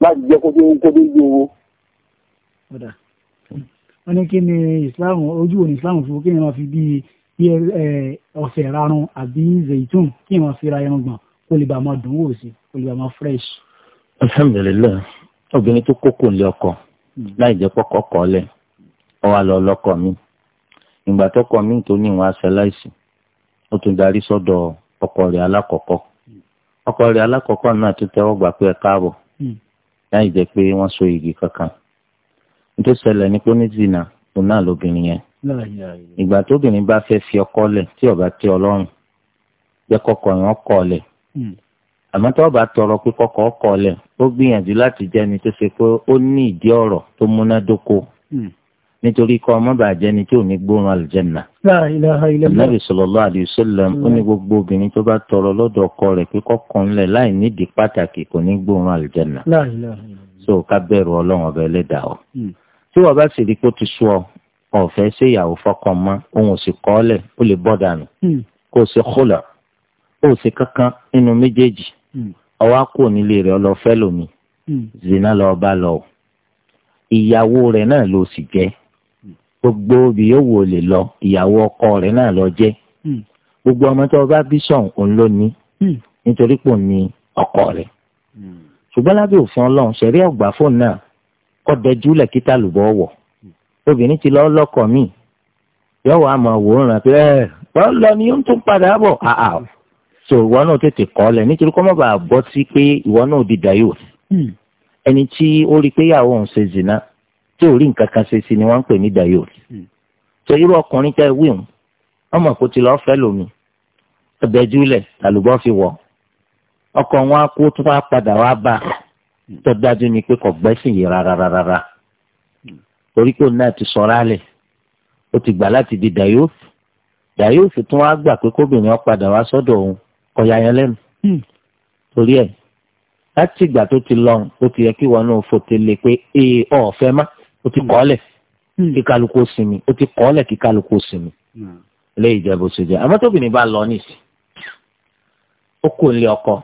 láti jẹ́ kó tó kó tó ju owó. wọ́n ní kí ni islam ojú òní islam fún kí ni wọ́n fi bí ọ̀sẹ̀ rarun àbí zaitun kí ni wọ́n fi ra ẹran gbọ̀n kó lè bá máa dùn wò sí kó lè bá máa fresh. alhamdulilayi obìnrin tó kókò lé ọkọ láì jẹ́ pọ́kọ́ kọ́ lẹ̀ ọ wá lọ lọ́kọ mi ìgbà tọkọ mi tó ní ìwọ̀n aṣọ láìsí ó tún darí sọ́dọ̀ ọkọ rẹ̀ alákọ̀ọ́kọ́ ọkọ rẹ̀ alákọ̀ọ́kọ́ náà tó tẹ́wọ́ gbà pé ẹ káàbọ̀ hmm. láì pé wọn so igi kankan nítorí ní pé òun náà lóbìnrin yẹn ìgbà tóbìnrin bá fẹ́ fi ọkọ lẹ̀ tí ọba tẹ ọlọ́run jẹ́ kọ́kọ́ ọkọ lẹ̀ hmm. àmọ́ tí tọrọ pé ọkọ lẹ̀ ó gbìyànjú láti jẹ́ ẹni tó ṣe pé ó ní hmm. nítorí kọ́ ọmọ bàjẹ́ ni tí ò ní gbóòórùn àlùjẹ́nà. nàbì sallallahu alayhi wa sallam mm. ó ní gbogbo obìnrin tó bá tọrọ lọ́dọ̀ ọkọ rẹ̀ pé kọ́kọ́ ńlẹ̀ láì nídìí pàtàkì kò ní gbóòórùn àlùjẹ́nà. so ká bẹ̀rù ọlọ́run ọbẹ̀ ẹlẹ́dàá ọ. Mm. tí wọ́n bá sì rí kó ti sú ọ ọ̀fẹ́ ṣe ìyàwó fọkọ mọ́ òun ò sì kọ́ lẹ̀ ó lè bọ́ dànù kó o kólà ó ṣe kankan nínú méjèèjì mm. zina lọ́ọ́ bá lọ ìyàwó rẹ̀ náà ló sì jẹ́ gbogbo obì yóò wò lè lọ ìyàwó ọkọ rẹ̀ náà lọ jẹ́ hmm. gbogbo ọmọ tó bá bí sọ̀n òun ló ní hmm. nítorí pò ní ọkọ rẹ̀ hmm. ṣùgbọ́n lábẹ́ òfin ọlọ́run ṣẹ̀rí ọ̀gbà fóònù náà kọ́ dẹjú lẹ́kítà lùbọ̀ wọ̀ obìnrin ti lọ lọ́kọ míì yọ̀wọ̀ àmọ̀ wòóràn pé ẹ̀ eh, wọ́n lọ ni ó ń padà bọ̀ àà so ìwọ náà tètè kọ́ lẹ̀ nítorí kọ́ mọ̀ bá bọ́ sí pé ìwọ náà di dayò ẹni tí ó rí pé ìyàwó òun ṣe zina tí ò rí nǹkan kan ṣe sí ni wọ́n ń pè ní dayo hmm. tó irú ọkùnrin tẹ́ wí hùn ọmọ kò ti lọ́ọ́ fẹ́ lómi ọbẹ̀júlẹ̀ àlùbọ́ fi wọ̀ ọkọ̀ wọn kó tó wá padà wá bá hmm. tó dájú ni pé kò gbẹ́sìn yìí rárá rárá hmm. torí pé òun náà ti sọ̀rọ̀ alẹ̀ ó ti gbà láti di dayo dayo fi tún wá gbà pé kóbìnrin ọ padà wá sọ́dọ̀ òun kọ̀yà yẹn lẹ́nu torí ẹ̀ láti ìgbà tó ti lọ ó ti yẹ kí wọn náà fòtélé pé ee ọ̀ọ́fẹ́ má ó ti hmm. kọ́lẹ̀ hmm. kí kálukú sinmi ó ti kọ́lẹ̀ kí kálukú sinmi hmm. lẹ́yìn ìjẹ́bù sójà àmọ́ tóbìnrin bá lọ ó kò ní ọkọ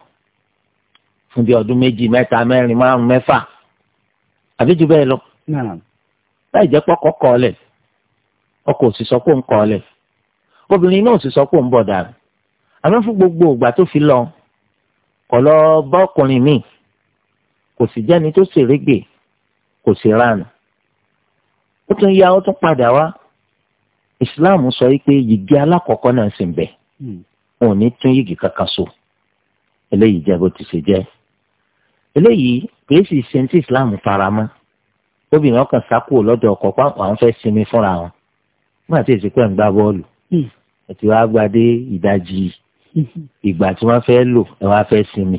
fún bí ọdún méjì mẹ́ta mẹ́rin márùn mẹ́fà àbí jù bẹ́ẹ̀ lọ láì jẹ́ pọ́kọ́ kọ́lẹ̀ ọkọ òsì sọ pé ń kọ́lẹ̀ obìnrin náà gbogbo ìgbà tó fi lọ lọ ó tún ya ó tún padà wá ìsìláàmù sọ pé yìgì alákọ̀ọ́kọ́ náà sì ń bẹ òun hmm. ní tún yìgì kankan so eléyìí jẹ́ bó ti ṣe jẹ́ eléyìí kìí sì ṣe ti ìsìláàmù faramọ́ obìnrin ọkàn sákò lọ́dọ̀ ọkọ pa àwọn fẹ́ sinmi fúnra wọn wọn àti èsì pẹ̀ ń gbá bọ́ọ̀lù àti hmm. wàá gbadé ìdajì hmm. ìgbà tí wọ́n fẹ́ lò ẹ̀ wá fẹ́ sinmi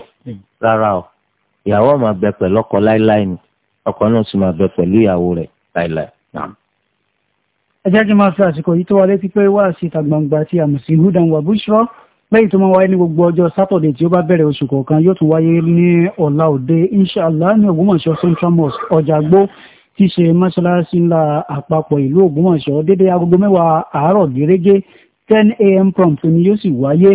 rárá o ìyàwó máa bẹ pẹ̀lú ọkọ láíláí ni ọkọ náà sì máa bẹ pẹ̀lú ìyàwó rẹ̀ láíláí ẹ jẹ́ kí n máa fi àsìkò yìí tó wa létí pé wá síta gbangba tí a mọ̀ sí hudan wa bushra lẹ́yìn tó máa wáyé ní gbogbo ọjọ́ sátọ̀dẹ̀ tí ó bá bẹ̀rẹ̀ oṣù kọ̀ọ̀kan yóò tún wáyé ní ọ̀la òde inshallah ní ògbómọ̀ṣọ́ ńlá àpapọ̀ ìlú ògbómọ̀ṣọ́ dédé agogo mẹ́wàá àárọ̀ gẹ́gẹ́ ten a.m. prompt ni yóò sì wáyé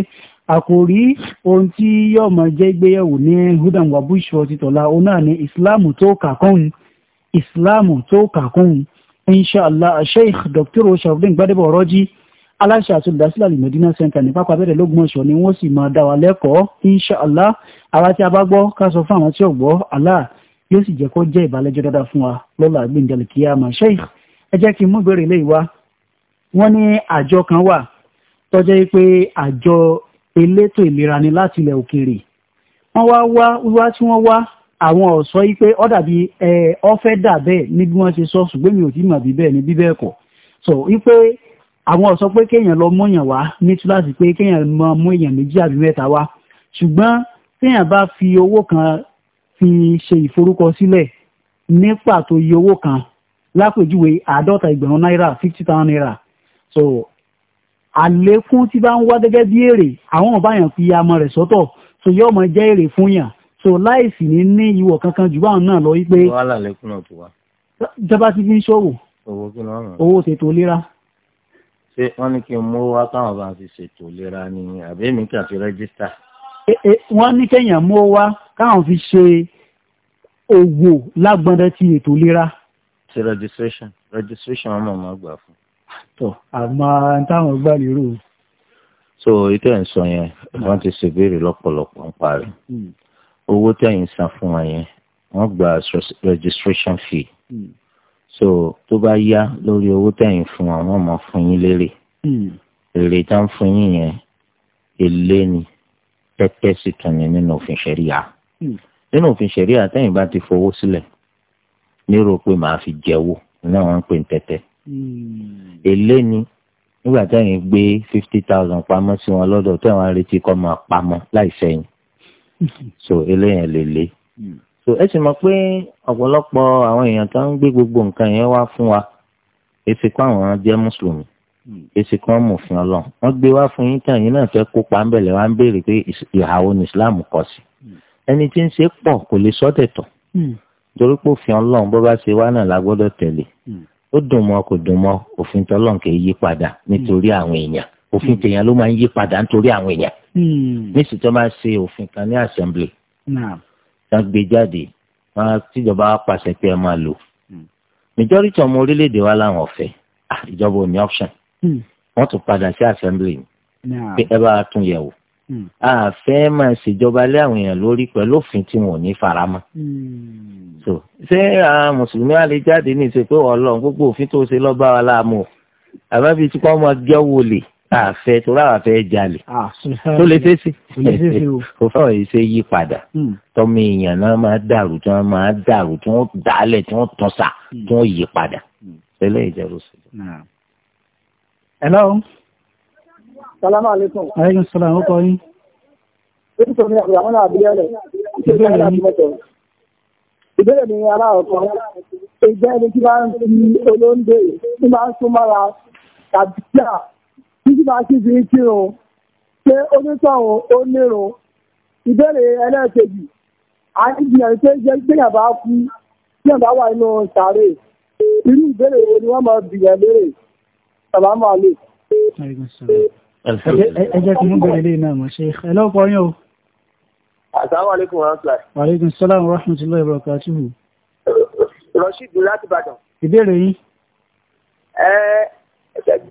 àkòrí ohun tí yóò máa jẹ́ ìgbéyàwó ní hudan wabush ọtítọ́lá òun náà ni ìsìláàmù tó kà kóhun ìsìláàmù tó kà kóhun inshallah sheikh dr osafdin gbadebo ọrọjí aláṣẹ àti olùdásílẹ̀ alimọdínà center ní pápá abẹ́rẹ́ lọ́gbọ̀nsọ ni wọ́n sì máa dá wa lẹ́kọ̀ọ́ inshallah àwa tí a bá gbọ́ ká sọ fún àwọn tí ò gbọ́ allah yóò sì jẹ́ kó jẹ́ ìbàlẹjọ dáadáa fún wa lọ́la gbẹndẹlẹ kíyàmá sheikh ẹ jẹ́ kí n mú ìbéèrè léyìí wá wọ́n ní àjọ kan wà tó jẹ́ pé àjọ elétò ìlera ni láti ilẹ̀ òkèèrè wọ́n wá wá wíwá tí wọ́n wá àwọn ọ̀sọ́ yìí pé ọ́ dàbí ẹ ọ́ fẹ́ dà bẹ́ẹ̀ ní bí wọ́n ṣe sọ ṣùgbọ́n mi ò tí mà bí bẹ́ẹ̀ ni bí bẹ́ẹ̀ kọ́ so wípé àwọn ọ̀sọ́ pé kéèyàn lọ mọ̀yàn wá ní túláàsì pé kéèyàn máa mú èèyàn méjì àbí mẹ́ta wá ṣùgbọ́n téèyàn bá fi owó kan fi ṣe ìforúkọsílẹ̀ ní pàtó iye owó kan lápèjúwe àádọ́ta ìgbẹ̀rún náírà fifty thousand naira so àlékún tí bá ń wá gẹ́gẹ́ bí èrè àwọn ọ̀bá yàn fi amọ̀ rẹ̀ sọ́tọ̀ so yóò mọ jẹ́ èrè fún yàn so láìsí ní ní ìwọ̀ kankan jù báwọn náà lọ wípé jọba ti fi ń ṣòwò owó ṣètò ìlera. ṣé wọ́n ní kí n mú wá káwọn bá fi ṣètò ìlera ni àbí èmi kà fi rẹ́gísítà. E, e, wọ́n ní kéèyàn mú wá káwọn fi ṣe òwò lágbọ́ndẹ́ ti ètò ìlera. ṣe registration registration wọn mọ̀ mọ́ gbà fún. tó àmọ́ táwọn gbà lérò. so ìtẹ̀ ń sọ yẹn wọ́n ti ṣèbéèrè lọ́pọ̀lọpọ̀ ń parí owó tẹ̀yìn san fún wọn yẹn wọ́n gba registration fee hmm. so tó bá yá lórí owó tẹ̀yìn fún wọn wọ́n máa fún yín lérè hmm. èrè tá ń fún yín yẹn èlé ni pẹ́pẹ́ sì tún ni nínú òfin ṣẹ̀ríà hmm. nínú òfin ṣẹ̀ríà tẹ̀yìn bá ti fowó sílẹ̀ nírò pé màá fi jẹ́wọ́ náà wọ́n ń pè ní tẹ́tẹ́ èlé ni nígbà tẹ̀yìn gbé fifty thousand pamọ́ sí wọn lọ́dọ̀ tẹ̀wọ̀n retí kọ́ máa pamọ́ láì sẹ́yìn so eléyàn lè lé so ẹ sì mọ̀ pé ọ̀pọ̀lọpọ̀ àwọn èèyàn tó ń gbé gbogbo nǹkan yẹn wá fún wa èsì kó àwọn jẹ́ mùsùlùmí èsì kó wọn mòfin ọlọ́run wọ́n gbé wá fún yín tàn yín náà fẹ́ kópa ńbẹ̀lẹ̀ wá ń béèrè pé ìhàwó ni islam kọ sí ẹni tí ń ṣe pọ̀ kò lè sọ́dẹ̀ tọ̀ torí pé òfin ọlọ́run bó bá ṣe wá náà la gbọ́dọ̀ tẹ̀lé ó dùn mọ́ kò dùn mọ́ òfin tọ́lọ́run kì í yí padà nítorí àwọn èèyàn òfin tèèyàn ló máa ń yí padà nítorí àwọn èèyàn Hmm. níṣìí tó máa ṣe òfin kan ní assembly tán gbé jáde wọn tíjọba pàṣẹ pé ẹ máa lò hmm. majority ọmọ orílẹ̀-èdè wa làwọn ọ̀fẹ́ ìjọba ò ní option hmm. wọ́n tún padà sí assembly pé ẹ bá tún yẹ̀ wò àfẹ́ máa ṣèjọba lé àwọn èèyàn lórí pẹ̀lú òfin tí wọn ò ní fara mọ́. so ṣé àwọn mùsùlùmí wa lè jáde ní ìṣe pé ọlọ́run gbogbo òfin tó ṣe lọ́ba wa láàmú àbábí tí wọ́n máa gẹ́wò lè àfẹ torí àwọn afẹ jalè ah, tó lè fèsì òfò yìí ṣe yí padà hmm. tọmọ èèyàn náà máa dàrú tí wọn máa dàrú tí wọn dàálẹ̀ tí wọn tún sà hmm. tí wọn yí padà tẹ́lẹ̀ ìjẹrù sí. hello. salaamu aleykum. aleykum salaam ó kọ yín. ebi tó ní àbúrò náà abúlé rẹ. ìbéèrè mi ìbéèrè mi aláwọ̀ kan ìjẹ́ ẹni tí bá ń fi olóńgbé tí bá ń sún mọ́ra tàbí tí a títí bá kí fi ń kírun pé onítọ̀hún ó nírun ìbéèrè ẹlẹ́ẹ̀kejì àìjìyàn pé jẹ́ gbéyàbá kú gbéyàbá wà nínú sàárè irú ìbéèrè wo ni wọ́n máa bìyàn lérè sàlámù àlè. ẹ jẹ́ kí n bẹ̀rẹ̀ lé náà mọ̀ ṣe ẹ yín o. Assalamu alaikum warahmatullahi. Wa alaikum assalam warahmatullahi Rashid láti Ìbàdàn. Ìbéèrè yín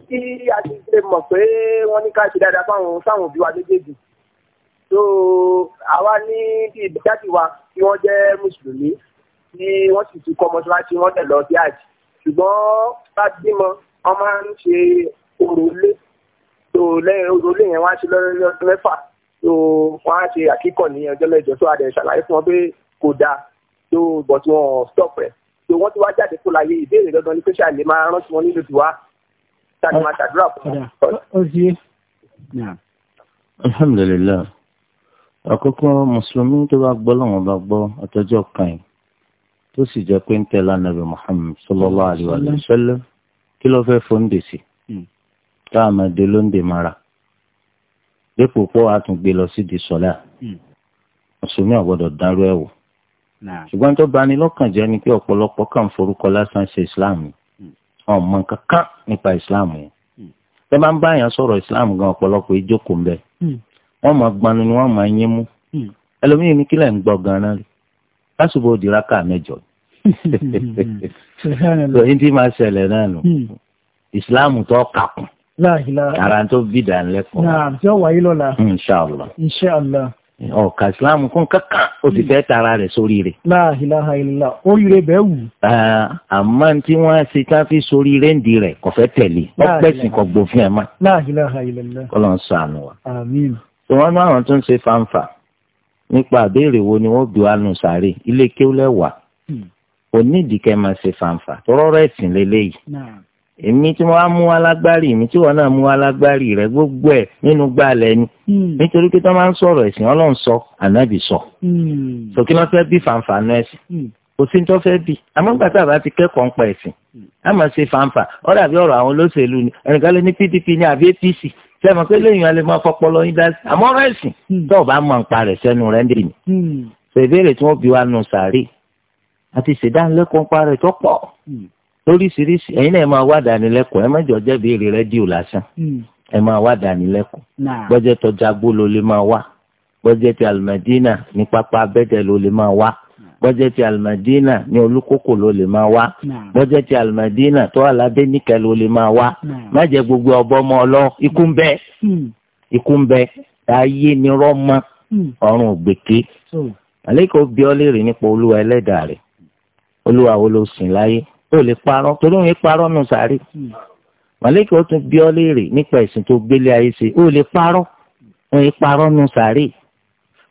tí a mọ̀ pé wọ́n ní ká ṣe dáadáa fáwọn sáwọn òbí wa méjèèjì so àwa ní bí ìdájì wa tí wọ́n jẹ́ mùsùlùmí tí wọ́n sì ti kọ́ mọ́ṣáláṣí wọ́n tẹ̀ lọ sí àjì ṣùgbọ́n bá bímọ wọ́n máa ń ṣe òròlé so lẹ́yìn òròlé yẹn wọ́n á ṣe lọ́dún mẹ́fà so wọ́n á ṣe àkíkọ̀ ní ọjọ́ mẹ́jọ tó adẹ̀ ṣàlàyé fún wọn pé kò dáa so but wọn stop rẹ̀ so wọ́n ti wá jáde kó láyé ìbéèrè dandan ní pé ṣàlè máa rántí wọn nílùú tiwa tani máa ṣàdúrà fún un. alhamdulilayi àkọ́kọ́ mùsùlùmí tó bá gbọ́ lọ́wọ́ bá gbọ́ àtọ́jọ́ kan yìí tó sì jẹ́ pé ń tẹ̀lé anabi muhammed sallallahu alaihi wa sallam kí ló fẹ́ fóńdè sí hmm. tá a máa de lóńdè mara dípò pọ́ àtúngbé lọ sí di sọ́lá hmm. mùsùlùmí àgbọ̀dọ̀ dárú ẹ̀ wò ṣùgbọ́n tó bani lọ́kàn jẹ́ ni pé ọ̀pọ̀lọpọ̀ kàn forúkọ lásán ṣe islam ọmọ kankan nípa islam yẹn tẹ bá ń bá yàn sọ̀rọ̀ islam gan ọ̀pọ̀lọpọ̀ ìjókòó ń bẹ hmm. wọ́n máa gbanu ni wọ́n máa yín mú hmm. ẹlòmíì ní kílẹ̀ ń gbọ́ ganan rí lásìkò òdìrákà mẹ́jọ hmm. so yín tí máa ṣẹlẹ̀ náà nù islam tó kàkùn ara tó bìdà ńlẹ́kọ̀ọ́. náà àti ọ̀wáyé lọ́la ọ̀ka islam kún kankan ó ti hmm. fẹ́ tara rẹ̀ sórí rẹ̀. la ilaha illallah oríire bẹ́ẹ̀ wù. àmọ́ tí wọ́n ṣe tá a fi sórí rẹ́ǹdì rẹ̀ kò fẹ́ tẹ̀lé ọ̀pẹ̀sìn kò gbòfin ẹ̀ mọ́. la ilaha illallah. kọ́ ló ń sọ àánú wa. àmín. tí wọ́n ní àwọn tó ń ṣe fanfa nípa àbẹ́rẹ́ wo ni wọ́n bí wa nù sáré ilé kéwúlẹ̀ wà onídìí hmm. kẹ́ máa ṣe fanfa tọrọ rẹ̀ sìn lélẹ́yìí èmi tí wọ́n á mú alágbárí mi tí wọ́n náà mú alágbárí rẹ̀ gbogbo ẹ̀ nínú gbàlẹ̀ ni hmm. nítorí pé tó máa ń sọ̀rọ̀ ẹ̀sìn Ọlọ́run sọ ànábì sọ hmm. sókè náà fẹ́ bí fàǹfà nú ẹ̀sìn hmm. kò sí tó fẹ́ bí amúgbàtà bá ti kẹ́kọ̀ọ́ ń pa ẹ̀sìn a máa ṣe fàǹfà ó dàbí ọ̀rọ̀ àwọn olóṣèlú ni ẹnìkan lé ní PDP ní àbí APC sẹ́mi pé lẹ́yìn alẹ́ máa fọpọlọ yín dá sí àmọ́ ọ̀rọ̀ ẹ̀sìn tó o bá mọ̀ ń pa rẹ̀ sẹ́nu ń lóríṣiríṣi ẹ̀yin náà ẹ máa wá dánilẹ́kọ̀ọ́ ẹ má jọ jẹ́ béèrè rédíò lásán hmm. ẹ máa wá dánilẹ́kọ̀ọ́ gbọ́jẹ́ tọ́jà gbó ló lè máa wá gbọ́jẹ́ ti alimadina ní pápá abẹ́tẹ̀ ló lè máa wá gbọ́jẹ́ ti alimadina ní olúkókò ló lè máa wá gbọ́jẹ́ ti alimadina tó alábẹ́ níkẹ́ ló lè máa wá má jẹ́ gbogbo ọbọ̀ mọ́ ọlọ́ ikú ń bẹ hmm. ikú ayé ni rọ́ọ̀mà hmm. ọ̀run ògbèké àlékò bí ọ́ nípa olúwa ẹlẹ́dàá rẹ̀ olúwa wo ló sìn láyé ó lè parọ́ torí òun parọ́ nù sàárè hmm. màlẹ́kì ó tún bí ọ léèrè nípa ẹ̀sìn tó gbélé ayé ṣe ó lè parọ́ òun parọ́ nù sàárè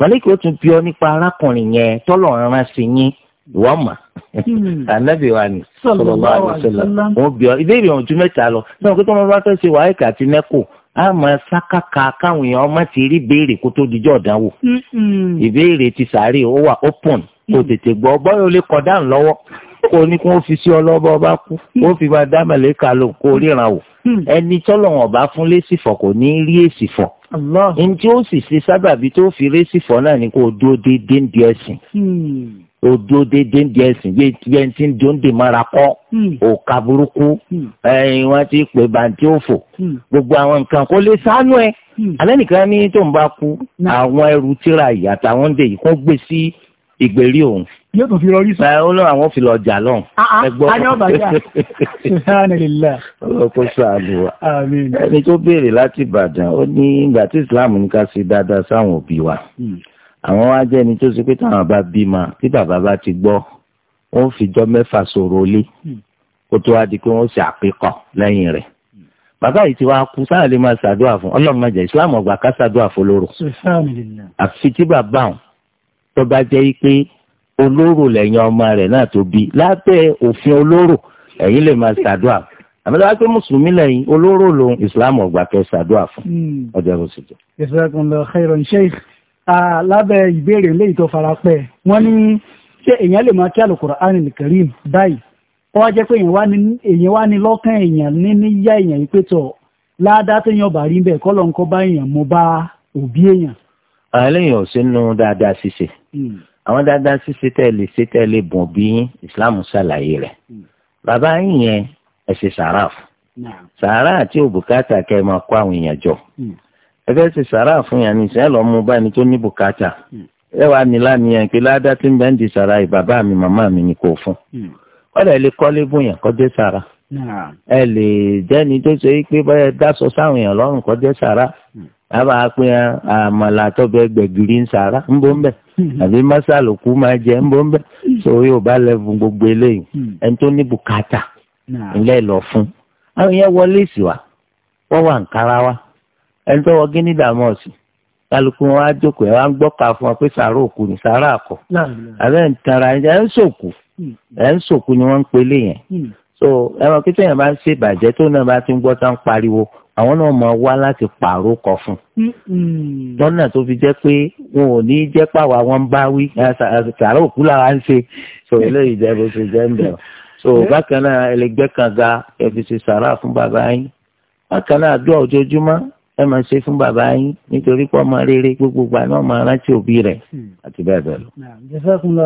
màlẹ́kì ó tún bí ọ nípa arákùnrin yẹn tọ́lọ̀ rán sí yín ìwọ mà hmm. ànábì wa ni sọlọ́lá àdìsọ́lá òun bí ọ ìbéèrè ọ̀hún ju mẹ́ta lọ náà kí tó máa bá fẹ́ ṣe wàhálà àti nẹ́kù a máa sákàkà káwọn èèyàn ọmọ ti rí béèrè kó tó dijọ́ ọ̀dánwò hmm, ìbéèrè ti sàárè ó wà open kó tètè gbọ́ bọ́yọ̀ lè kọ̀ dáhùn lọ́wọ́ kó ní kó fi sí ọlọ́bọ ọba kú kó fi máa dá màlẹ́kà lò kó ríran wò hmm. ẹni tọ́lọ̀wọ̀n ọba fún lẹ́sìfọ̀ kò ní rí èsìfọ̀ ní tí ó sì ṣe sábàbí tó fi lẹ́sìfọ̀ náà ni kó dúró déédéé ń di ẹ̀sìn odo hmm. déédéé ń di ẹ̀sìn bí ẹni tí ń dòńdè mára kọ́ hmm. òkà burúkú ẹ̀yìn wọn ti pè bàǹtí òfò gbogbo àwọn nǹkan kó lè sánú ẹ̀ alẹ́ nìkan ní tó ń bá kú àwọn ẹrù tíra ìyàtọ̀ àwọn dè yìí kó gbé sí ìgbèrí òun yóò tún fi rọrí sọ. ẹ ó lọ àwọn fi lọ jà lọ. Ah, ah, ayọ bàjá subhanallah. ọlọpọ sàánù wa ẹni tó béèrè láti Ìbàdàn ó ní ìgbà tí Islam ní ká ṣe dáadáa sáwọn òbí wa hmm. àwọn wá jẹ́ ẹni tó ṣe pé táwọn bá bímọ tí bàbá bá ti gbọ́ wọ́n fi jọ́ mẹ́fà sọ̀rọ̀ lé kó hmm. tó wá di pé wọ́n ṣe àpékọ̀ lẹ́yìn rẹ̀ hmm. bàbá yìí ti wá kú sáà lè máa ṣàdúrà fún Ọlọ́run má jẹ́ Islam ọgbà ká ṣàdúrà fún lóró àfi tí bàbá òun tó bá jẹ́ pé olóró lẹ́yìn ọmọ rẹ̀ náà tó bí lábẹ́ òfin olóró ẹ̀yin lè máa ṣàdúrà àmì lọ́wọ́ pé mùsùlùmí lẹ́yìn olóró lòun ìsìlámù ọgbà kẹ́ ṣàdúrà fún hmm. ọjọ́ ìrọ̀sìjọ. jazakumullahu khairan sheikh lábẹ́ ìbéèrè ilé ìtọ́ farapẹ́ wọ́n ní ṣé èèyàn lè máa kí Al-Qur'an al-Karim báyìí ó wá jẹ́ pé èèyàn wá ní lọ́kàn èèyàn ní níyà èèyàn yìí pé tọ̀ ládàá tó yan bàrí bẹ́ẹ̀ kọ́ lọ́nkọ́ bá èèyàn mú bá òbí èèyàn. àlẹ́ yẹn ò sínú dáadáa ṣíṣe hmm àwọn dáadáa ṣíṣe tẹ̀lé ṣe tẹ̀lé bùn bí yín islam ṣàlàyé rẹ̀ hmm. bàbá yín yẹn ẹ ṣe sàrà fún sàrà àti òbùkátà kẹ́ ẹ máa kó àwọn èèyàn jọ hmm. ẹ fẹ́ ṣe sàrà fún yàn ní ìṣẹ́ lọ mú báyìí tó ní bùkátà hmm. ẹ wàá ní láàmìyàn pé ládá tí ń bẹ́ẹ̀ ń di sàrà yìí bàbá mi màmá mi ni kò fún ọ̀dà ẹ lè kọ́lé bóyàn kọ́jẹ́ sàrà ẹ lè jẹ́ni tó ṣe pé báyẹn dáṣọ sáwọn èèyàn lọ́rùn kọ́jẹ́ sàrà àbá pé àmàlà àtọ́bẹ̀ gbẹ̀gìrì ń sàrà ń bọ́ ń bẹ̀ mm-hmm. àbí mọ́sálòkú máa jẹ ń bọ́ ń mm-hmm. so yóò bá lẹ́fun gbogbo eléyìí mm-hmm. ẹni tó ní bùkátà ńlẹ́ lọ fún. àwọn yẹn wọlé sí wa wọ́n wà nkárá wa ẹni tó wọ gíní dàmọ́ọ̀sì kálukú wọn á jókòó ẹ wá ń gbọ́ka fún wa pé sàrà òkú ni sàrà àkọ àbẹ́ ń tara ẹ ń sòkù ẹ ń sòkù ni wọ́n ń pelé àwọn náà máa wá láti pààrọ̀ kọ fún un lọ́nà tó fi jẹ́ pé wọn ò ní jẹ́ pàwọ́ àwọn bá wí sàrà òkú làwa ń ṣe so mm. eléyìí jẹ́ bó ṣe jẹ́ ń bẹ̀rẹ̀ so mm. bákan náà ẹlẹgbẹ́ kan ga ẹ fi ṣe sàrà fún bàbá yín bákan náà àdúrà ojoojúmọ́ ẹ máa ṣe fún bàbá yín nítorí pé ọmọ rere gbogbo gbà náà máa rántí òbí rẹ̀ mm. àti bẹ́ẹ̀ bẹ́ẹ̀ lọ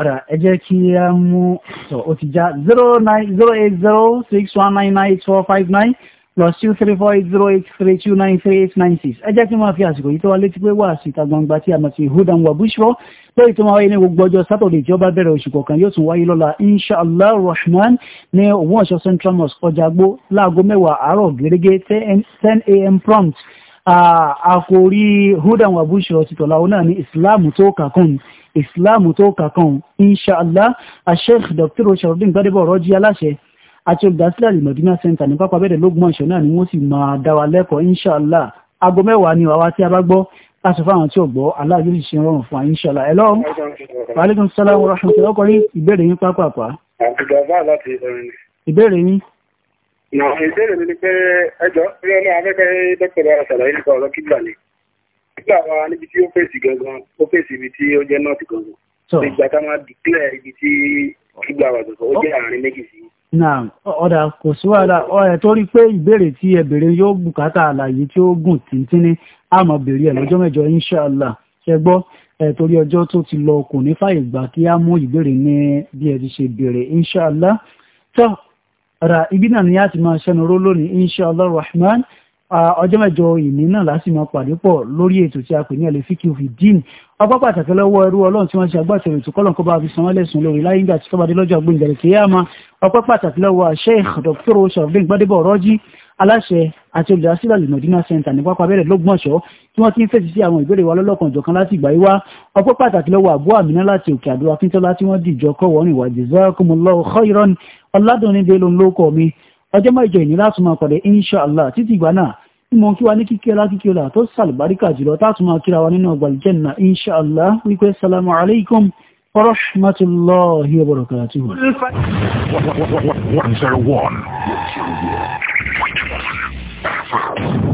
ọ̀rọ̀ ẹ jẹ́ kí ẹ mú sọ ó ti já zero nine zero eight zero six one nine nine eight four five nine plus two three four eight zero eight three two nine three eight nine six ẹ jẹ́ kí n máa fi àsìkò yìí tó wá létí pé wá síta gbangba tí a mọ̀ sí hudan wa bushro lórí tó máa wáyé ní gbogbo ọjọ́ sátọ̀dẹ̀ tí ó bá bẹ̀rẹ̀ oṣù kọ̀ọ̀kan yóò tún wáyé lọ́la inshallah rahman ní òun ọ̀ṣọ́ central mosque ọjàgbó láago mẹ́wàá àárọ̀ gẹ́gẹ́ ten a.m. prompt ah, àkòrí hudan wa bushro ti tọ̀la òun náà ní ìsìláàmù tó kà ìsìláàmù tó kà kan inshàlá asheikh dr sharafdin gbadebo rọjí aláṣẹ àti olùdásílẹ̀ alimọ̀dínà center ní pápá bẹ́ẹ̀ lógún ọ̀ṣọ́ náà ni wọ́n sì máa dá wa lẹ́kọ̀ọ́ inshàlá aago mẹ́wàá ni àwa tí a bá gbọ́ láti fún àwọn tí ò gbọ́ Allah yóò sì ṣe rọrùn fún wa inshàlá ẹ lọ́wọ́ wàhálẹ́kùn sálàmù rahmatulah ọkọ̀ rí ìbéèrè yín pápápá. ìbéèrè yín. ìbéèrè mi ni pé ẹjọ́ ilé ọlọ́run afẹ́fẹ́ dókítà nígbà wa níbi tí ó fèsì gangan ó fèsì ibi tí ó jẹ́ north gangan ìgbà tá máa dìklẹ̀ ibi tí gbígbà wà gangan ó jẹ́ oh. àárín méjì sí. náà ọ̀dà kò sí wàhálà ọ̀rẹ́ torí pé ìbéèrè tí ẹ béèrè yóò bùkátà àlàyé tí ó gùn tìǹtìǹní a máa béèrè ẹ̀ lọ́jọ́ mẹ́jọ inshàlá ṣe gbọ́ ẹ torí ọjọ́ tó ti lọ kò ní fàyè gbà kí á mú ìbéèrè ní bí ẹ ti ṣe béèrè inshàlá tó ọ̀dà ibi náà ni a ti máa ṣẹnu ró lónìí inshàlá rahman ọjọ́ mẹ́jọ ìní náà lásì máa pàdé pọ̀ lórí ètò tí a pè ní ẹlẹ́fíkì òfin dín ọgbọ́n pàtàkì lọ́wọ́ ẹrú ọlọ́run tí wọ́n ṣe agbátẹrù tó kọ́lọ̀ kọ́ba fi san wọ́n lẹ́sùn lórí láyé ńgbà tí kọ́badé lọ́jọ́ àgbóǹjẹ̀rẹ̀ kéyàmá ọgbọ́n pàtàkì lọ́wọ́ Sheikh Dr. sọ̀rọ̀dé gbadébọ̀ rọ́jí aláṣẹ àti olùdásílẹ̀ alimọ̀dínà center ní pápá abẹ́rẹ́ lọ́gbọ̀nsọ́ tí wọ́n ti ń fèsì sí àwọn ìbéèrè wa lọ́lọ́kan ìjọ̀kan láti ìgbà yìí wá ọpọ́ pàtàkì lọ́wọ́ àbú àmínà láti òkè àdó akíntọ́lá tí wọ́n dìjọ́ kọ́ wọ́n rìn wá jazakumullahu khairan ọ̀làdùnní délóńlókọ̀ mi ọjọ́ mẹ́jọ ìní láti máa pàdé inṣàlá títí ìgbà náà ìmọ̀ kí wa ní kíkẹ́ lákìkí ọ̀la tó sàlùbáríkà jùlọ táàtù máa kíra wa nínú ọgbà ìjẹ́nà inṣàlá wípé salamu alaikum wa wa barakatuhu. one zero one.